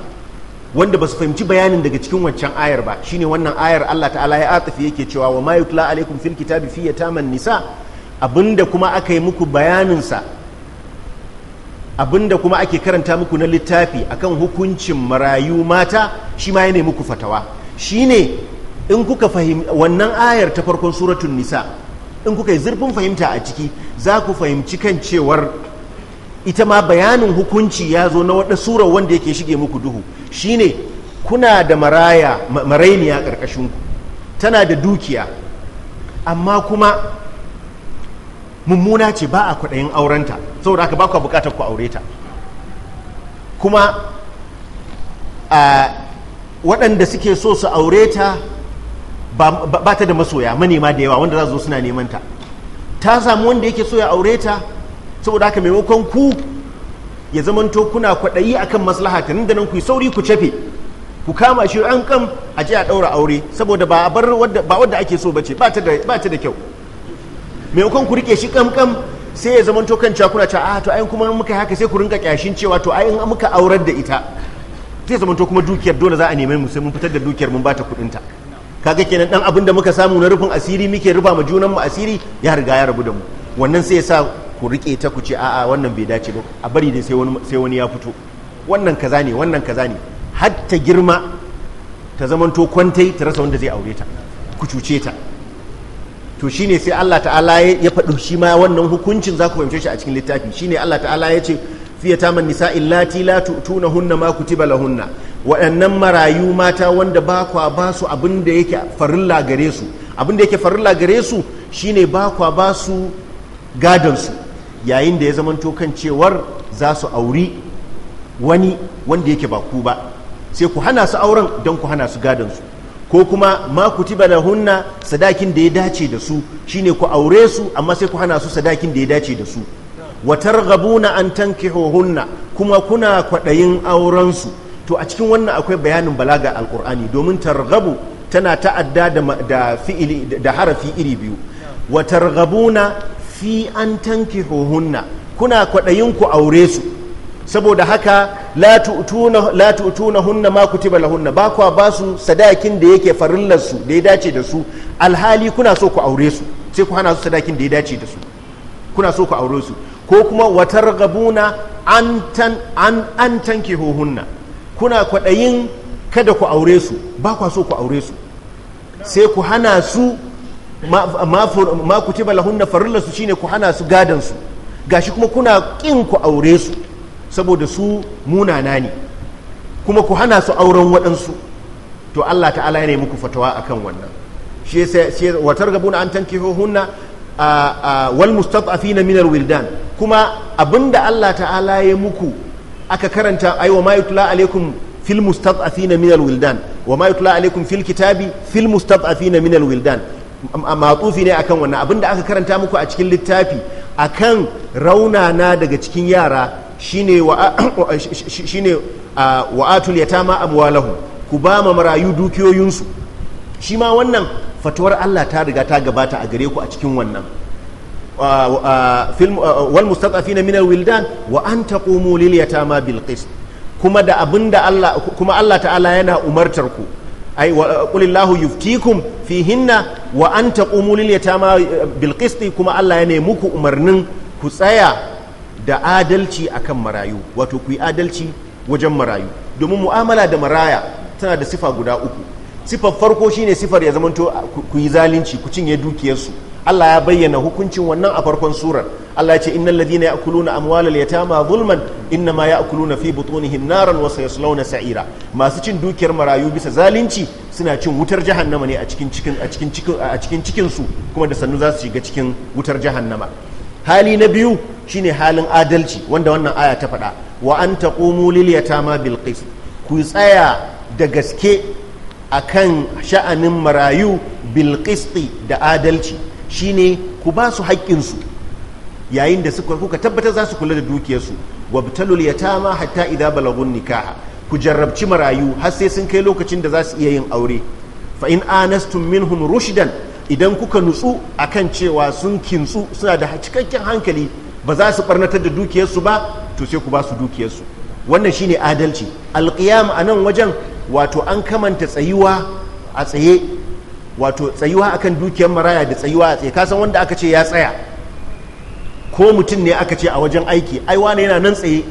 wanda ba su fahimci bayanin daga cikin wancan ayar ba shine wannan ayar Allah ta'ala ya atafi yake cewa wa ma alaikum fil kitabi fi yataman nisa abinda kuma aka yi muku bayanin sa abinda kuma ake karanta muku na littafi akan hukuncin marayu mata shi ma yana muku fatawa shine in kuka fahimci wannan ayar ta farkon suratun nisa in kuka yi zurfin fahimta a ciki za ku fahimci kan cewar ita ma bayanin hukunci ya zo na wata sura wanda yake shige muku duhu shine kuna da maraya marainiya ku tana da dukiya amma kuma mummuna ce ba a kwaɗayin aurenta saboda aka ba ku buƙatar ku aure ta kuma a waɗanda suke so su aure ta ba ta da masoya manema da yawa wanda za su zo suna neman ta ta samu wanda yake so ya aure ta saboda aka maimakon ku ya zamanto kuna kwaɗayi akan maslaha ta nan da nan ku sauri ku cafe ku kama shi an kam a ce a ɗaura aure saboda ba bar ba wadda ake so bace ba ta da ba ta da kyau maimakon ku rike shi kankan sai ya zamanto kan cewa kuna cewa a ah, to ayin kuma muka haka sai ku rinka kyashin cewa to ayin muka aurar da ita zaman zamanto kuma dukiyar dole za a neme mu sai mun fitar da dukiyar mun bata kuɗinta kaga kenan dan abin da muka samu na rufin asiri muke rufa ma junan mu asiri ya riga ya rabu da mu wannan sai ya sa ku rike ta ku ce a'a wannan bai dace ba a bari dai sai wani ya fito wannan kaza ne wannan kaza ne har ta girma ta zamanto kwantai ta rasa wanda zai aure ta ku cuce ta to shine sai Allah ta'ala ya faɗi shi ma wannan hukuncin za ku fahimce shi a cikin littafi shine Allah ta'ala ya ce fiye ta man nisa illati la tu'tuna hunna ma kutiba lahunna waɗannan marayu mata wanda ba kwa ba su abin da yake farilla gare su abin da yake farilla gare su shine ba kwa ba su gadon su yayin da ya zama kan cewar za su auri wani wanda yake ba ku ba sai ku hana su auren don ku hana su gadon su ko kuma ma da hunna sadakin da ya dace da su shine ku aure su amma sai ku hana su sadakin da ya dace da su wa na an hunna kuma kuna kwaɗayin aurensu. to a cikin wannan akwai bayanin balaga Alƙur'ani domin tarrabu tana ta'adda da harafi iri biyu wa na. fi an hohunna kuna kwaɗayin ku aure su saboda haka la tu'tuna hunna ma kutiba lahunna ba kuwa ba su sadakin da yake farillarsu da ya dace da su alhali kuna so ku aure su sai ku hana su sadakin da ya dace da su kuna so ku aure su ko kuma watar gabuna an tanke hohunna kuna kwaɗayin kada ku aure su ba kuwa so ku aure su sai ku hana su ma kutiba lahunna farilla su shine ku hana su gadan su gashi kuma kuna kin ku aure su saboda su munana ne kuma ku hana su auren waɗansu to Allah ta'ala ya muku fatawa akan wannan shi sai wa targabuna an tankihuhunna wal mustad'afina min al wildan kuma abinda Allah ta'ala ya muku aka karanta aywa ma yutla alaikum fil mustad'afina min al wildan wa ma yutla alaikum fil kitabi fil mustad'afina min al wildan matsufi ne akan wannan abin da aka karanta muku a cikin littafi akan raunana daga cikin yara shine wa'atul yatama amwalahum ku ba ma marayu dukiyoyinsu shi ma wannan fatuwar Allah ta riga ta gabata a gare ku a cikin wannan wal mustaqafina min al wildan wa an taqumu lil yatama bil qist kuma da abinda Allah kuma Allah ta'ala yana umartar ku ai qulillahu yuftikum fihinna wa anta qumu lil yatama eh, bil qisti kuma Allah ya nemi muku umarnin ku tsaya da adalci akan marayu wato ku yi adalci wajen marayu domin mu'amala da maraya tana da sifa guda uku sifar farko shine sifar ya zamanto ku yi zalunci ku cinye dukiyarsu Allah ya bayyana hukuncin wannan a farkon surar Allah ya ce innal ladina ya'kuluna amwalal yatama zulman innama ya'kuluna fi butunihim naran wa sayaslawna sa'ira masu cin dukiyar marayu bisa zalunci suna cin wutar jahannama ne a cikin cikin a cikin cikin a cikin cikin su kuma da sannu za su shiga cikin wutar jahannama hali na biyu shine halin adalci wanda wannan aya ta faɗa wa an taqumu lil yatama bil qist ku tsaya da gaske akan sha'anin marayu bil da adalci shine ku ba su haƙƙinsu yayin da suka kuka tabbatar za su kula da dukiyarsu wabtalul yatama hatta idza balagun nikaha ku jarrabci marayu har sai sun kai lokacin da za su iya yin aure fa in anastum minhum rushdan idan kuka nutsu akan cewa sun kintsu suna da cikakken hankali ba za su barnatar da dukiyarsu ba to sai ku ba su dukiyarsu wannan shine adalci alqiyam a nan wajen wato an kamanta tsayuwa a tsaye wato tsayuwa akan dukiyar maraya da tsayuwa a tsaye kasan wanda aka ce ya tsaya ko mutum ne aka ce a wajen aiki ai wane yana nan tsaye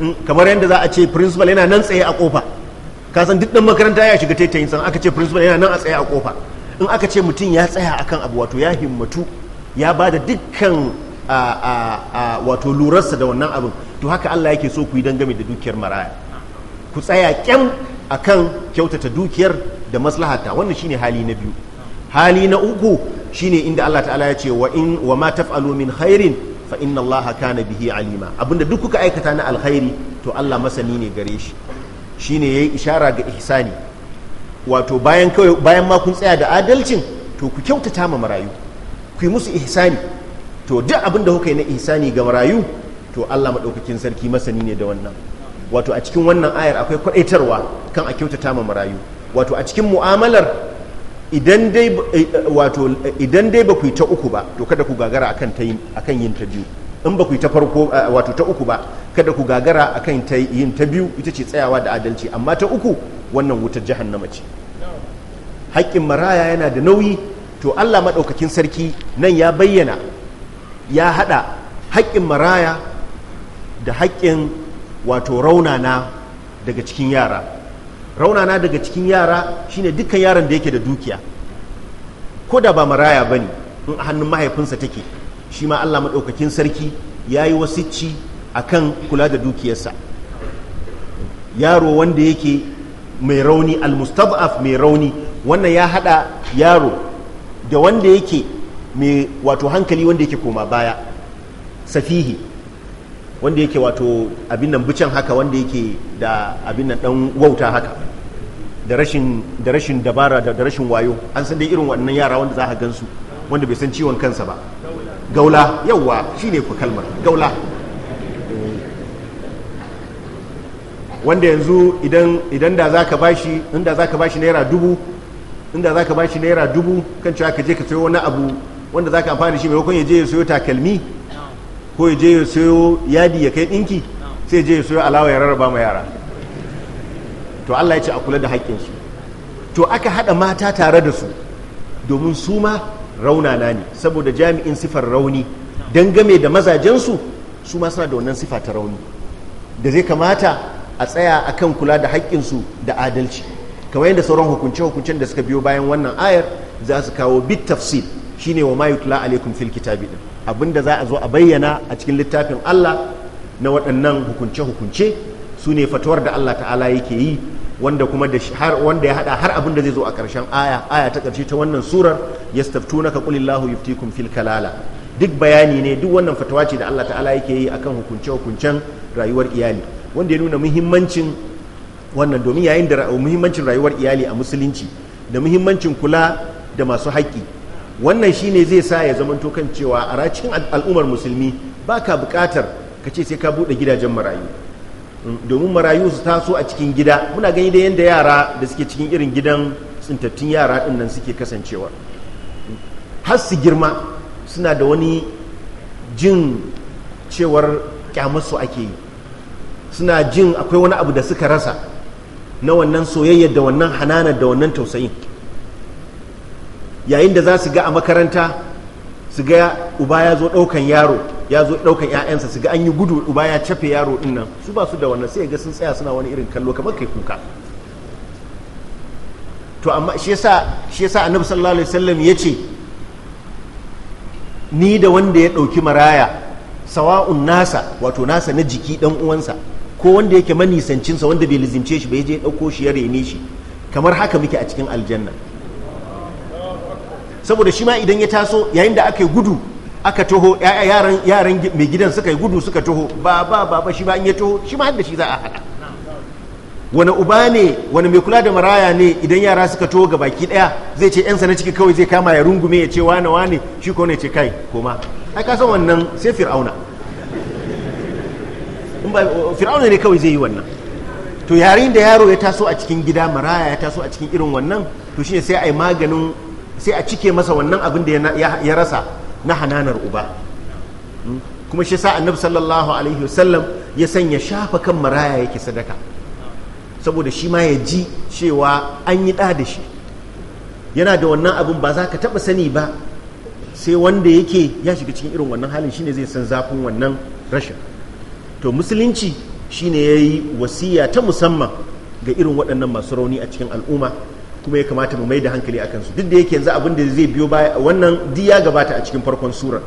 mm, kamar yadda za a ce principal yana nan tsaye a kofa kasan duk dan makaranta ya shiga taitayin san aka ce principal yana nan a tsaye a kofa in aka ce mutum ya tsaya akan abu wato ya himmatu ya ba da dukkan wato lurarsa da wannan abin to haka Allah yake so ku yi dangane da dukiyar maraya ku tsaya kyam akan kyautata dukiyar da maslahata wannan shine hali na biyu hali na uku shine inda Allah ta'ala ya ce wa in wa ma taf'alu min khairin fa inna Allah kana bihi alima abinda duk kuka aikata na alkhairi to Allah masani ne gare shi shine yayi ishara ga ihsani wato bayan kawai ma kun tsaya da adalcin to ku kyautata ma marayu ku yi musu ihsani to duk abinda kuka yi na ihsani ga marayu to Allah madaukakin sarki masani ne da wannan wato a cikin wannan ayar akwai kwaɗaitarwa kan a kyautata ma marayu wato a cikin mu'amalar idan dai eh, eh, eh, idan ba ku yi ta uku ba to kada ku gagara akan ta yin ta biyu in ba ku yi ta farko wato ta uku ba kada ku gagara akan ta yin ta biyu ita ce tsayawa da adalci amma ta uku wannan wutar na mace. haƙƙin maraya yana da nauyi to Allah maɗaukakin sarki nan ya bayyana ya haɗa haƙƙin maraya da haƙƙin wato raunana daga cikin yara raunana daga cikin yara shine dukkan yaron da yake da dukiya ko da ba maraya ba ne in hannun mahaifinsa take shi ma allah maɗaukakin sarki ya yi wasicci a kan kula da dukiyarsa yaro wanda yake mai rauni almustad'af mai rauni wannan ya haɗa yaro da wanda yake mai wato hankali wanda yake koma baya safihi wanda yake wato abin nan bucen haka wanda yake da abin nan dan wauta haka da rashin da rashin dabara da rashin wayo an san dai irin waɗannan yara wanda za ka gansu wanda bai san ciwon kansa ba gaula yawwa shine ku kalmar gaula wanda yanzu idan idan da zaka bashi inda zaka bashi naira dubu inda zaka bashi naira dubu kan cewa ka je ka sayo wani abu wanda zaka amfani da shi maimakon ya je ya sayo takalmi ko ya je ya sayo yadi ya kai dinki sai je ya sayo alawa ya rarraba ma yara to Allah ya ce a kula da haƙƙinsu to aka haɗa mata tare da su domin su ma na ne saboda jami'in sifar rauni don game da mazajensu su ma suna da wannan sifa ta rauni da zai kamata a tsaya a kan kula da haƙƙinsu da adalci kamar yadda sauran hukunce-hukuncen da suka biyo bayan wannan ayar za su kawo bit tafsir shine wa ma yutla alaikum fil kitabi din abinda za a zo a bayyana a cikin littafin Allah na waɗannan hukunce-hukunce su ne fatuwar da Allah ta'ala yake yi wanda kuma da har wanda ya hada har abin da zai zo a ƙarshen aya aya ta ƙarshe ta wannan surar ka qulillahu yuftikum fil kalala duk bayani ne duk wannan fatawa ce da Allah ta'ala yake yi akan hukunce hukuncen rayuwar iyali wanda ya nuna muhimmancin wannan domin yayin da muhimmancin rayuwar iyali a musulunci da muhimmancin kula da masu haƙƙi wannan shine zai sa ya zamanto kan cewa a racin al'ummar musulmi ba ka bukatar ka ce sai ka bude gidajen marayu mm, domin marayu su taso a cikin gida muna gani da yadda yara da suke cikin irin gidan tsintattun yara din nan suke kasancewa har su girma suna da wani jin cewar kyamarsu ake yi suna jin akwai wani abu da suka rasa na wannan soyayyar da wannan hanana da wannan tausayin yayin da za su ga a makaranta su ga uba ya zo ɗaukan yaro ya zo ɗaukan 'ya'yansa su ga an yi gudu uba ya cafe yaro ɗin nan su ba su da wannan sai ga sun tsaya suna wani irin kallo kamar kai kuka to amma shi yasa shi yasa annabi sallallahu alaihi wasallam ce ni da wanda ya ɗauki maraya sawa'un nasa wato nasa na jiki dan uwansa ko wanda yake manisancinsa wanda bai lizimce shi bai je dauko shi ya rene shi kamar haka muke a cikin aljanna saboda shi ma idan ya taso yayin da aka yi gudu aka taho yaran yaran mai gidan suka yi gudu suka taho ba ba ba ba shi ba in ya taho shi ma da shi za a haɗa wani uba ne wani mai kula da maraya ne idan yara suka taho ga baki ɗaya zai ce yan na ciki kawai zai kama ya rungume ya ce wane wane shi ko ne ce kai koma ai ka san wannan sai fir'auna in ba fir'auna ne kawai zai yi wannan to yayin da yaro ya taso a cikin gida maraya ya taso a cikin irin wannan to shine sai yi maganin sai a cike masa wannan abin da ya rasa na hananar uba hmm? kuma shi sa annabi sallallahu alaihi wasallam ya sanya shafa kan maraya yake sadaka saboda shi ma ya ji cewa an yi ɗa da shi yana da wannan abin ba za ka taɓa sani ba sai wanda yake ya shiga cikin irin wannan halin shine zai san zafin wannan rashin to musulunci shine ya yi wasiya ta musamman ga irin waɗannan masu rauni a cikin al'umma kuma ya kamata mu mai da hankali akan su duk da yake yanzu abin da zai biyo baya wannan duk ya gabata a cikin farkon sura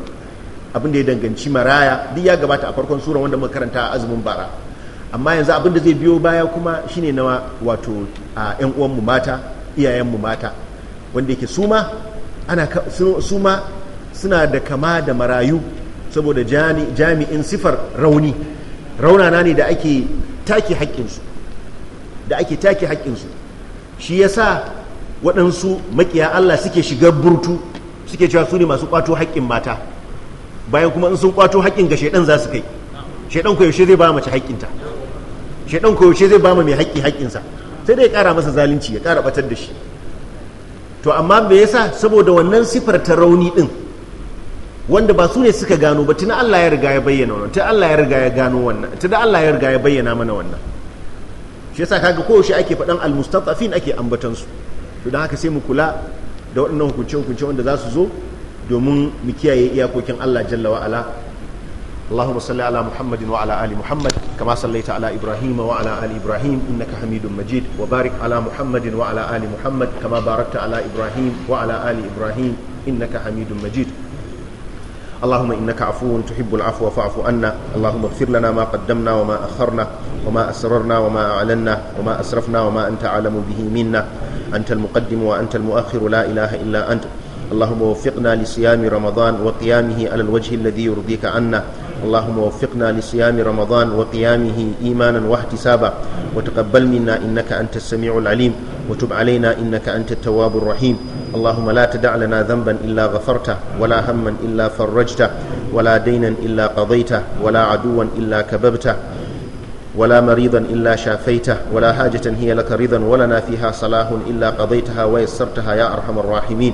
abin da ya danganci maraya duk ya gabata a farkon sura wanda muka karanta azumin bara amma yanzu abin da zai biyo baya kuma shine na wato a yan uwan mu mata iyayen mu mata wanda yake su ma ana su suna da kama da marayu saboda jami'in sifar rauni raunana ne da ake take haƙƙinsu da ake take haƙƙinsu shi ya sa waɗansu makiya Allah suke shiga burtu suke cewa su ne masu ƙwato haƙƙin mata bayan kuma in sun ƙwato haƙƙin ga shaidan za su kai shaidan ko yaushe zai ba mace haƙƙinta shaidan ko yaushe zai ba mai haƙƙi haƙƙinsa sai dai ya ƙara masa zalunci ya ƙara batar da shi to amma me yasa saboda wannan sifar ta rauni din wanda ba su ne suka gano ba tuna Allah ya riga ya bayyana wannan tun Allah ya riga ya gano wannan tun Allah ya riga ya bayyana mana wannan shi yasa kaga koyaushe ake faɗan almustafafin ake ambatan su to don haka sai mu kula da waɗannan hukunce hukunce wanda za su zo domin mu kiyaye iyakokin Allah jalla wa ala اللهم صل على محمد وعلى ال محمد كما صليت على ابراهيم وعلى ال ابراهيم انك حميد مجيد وبارك على محمد وعلى ال محمد كما باركت على ابراهيم وعلى ال ابراهيم انك حميد مجيد اللهم إنك عفو تحب العفو فاعف عنا اللهم اغفر لنا ما قدمنا وما أخرنا وما أسررنا وما أعلنا وما أسرفنا وما أنت أعلم به منا أنت المقدم وأنت المؤخر لا إله إلا أنت اللهم وفقنا لصيام رمضان وقيامه على الوجه الذي يرضيك عنا اللهم وفقنا لصيام رمضان وقيامه إيمانا واحتسابا وتقبل منا إنك أنت السميع العليم وتب علينا إنك أنت التواب الرحيم اللهم لا تدع لنا ذنبا إلا غفرته ولا هما إلا فرجته ولا دينا إلا قضيته ولا عدوا إلا كببته ولا مريضا إلا شافيته ولا حاجة هي لك رضا ولنا فيها صلاح إلا قضيتها ويسرتها يا أرحم الراحمين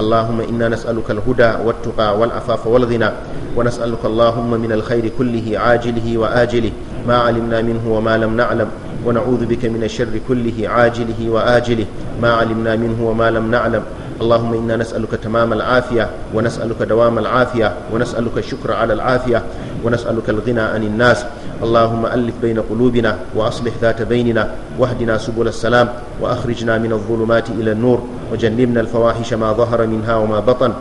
اللهم إنا نسألك الهدى والتقى والعفاف والغنى ونسألك اللهم من الخير كله عاجله وآجله ما علمنا منه وما لم نعلم ونعوذ بك من الشر كله عاجله وآجله ما علمنا منه وما لم نعلم اللهم إنا نسألك تمام العافية ونسألك دوام العافية ونسألك الشكر على العافية ونسألك الغنى عن الناس اللهم ألف بين قلوبنا وأصلح ذات بيننا واهدنا سبل السلام وأخرجنا من الظلمات إلى النور وجنبنا الفواحش ما ظهر منها وما بطن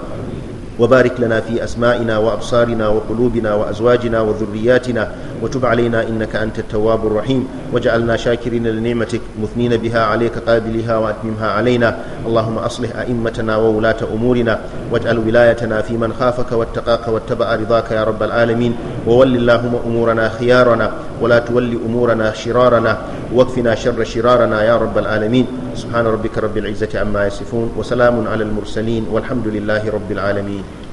وبارك لنا في أسمائنا وأبصارنا وقلوبنا وأزواجنا وذرياتنا وتب علينا إنك أنت التواب الرحيم وجعلنا شاكرين لنعمتك مثنين بها عليك قابلها وأتممها علينا اللهم أصلح أئمتنا وولاة أمورنا واجعل ولايتنا في من خافك واتقاك واتبع رضاك يا رب العالمين وول اللهم أمورنا خيارنا ولا تول أمورنا شرارنا واكفنا شر شرارنا يا رب العالمين سبحان ربك رب العزة عما يصفون وسلام على المرسلين والحمد لله رب العالمين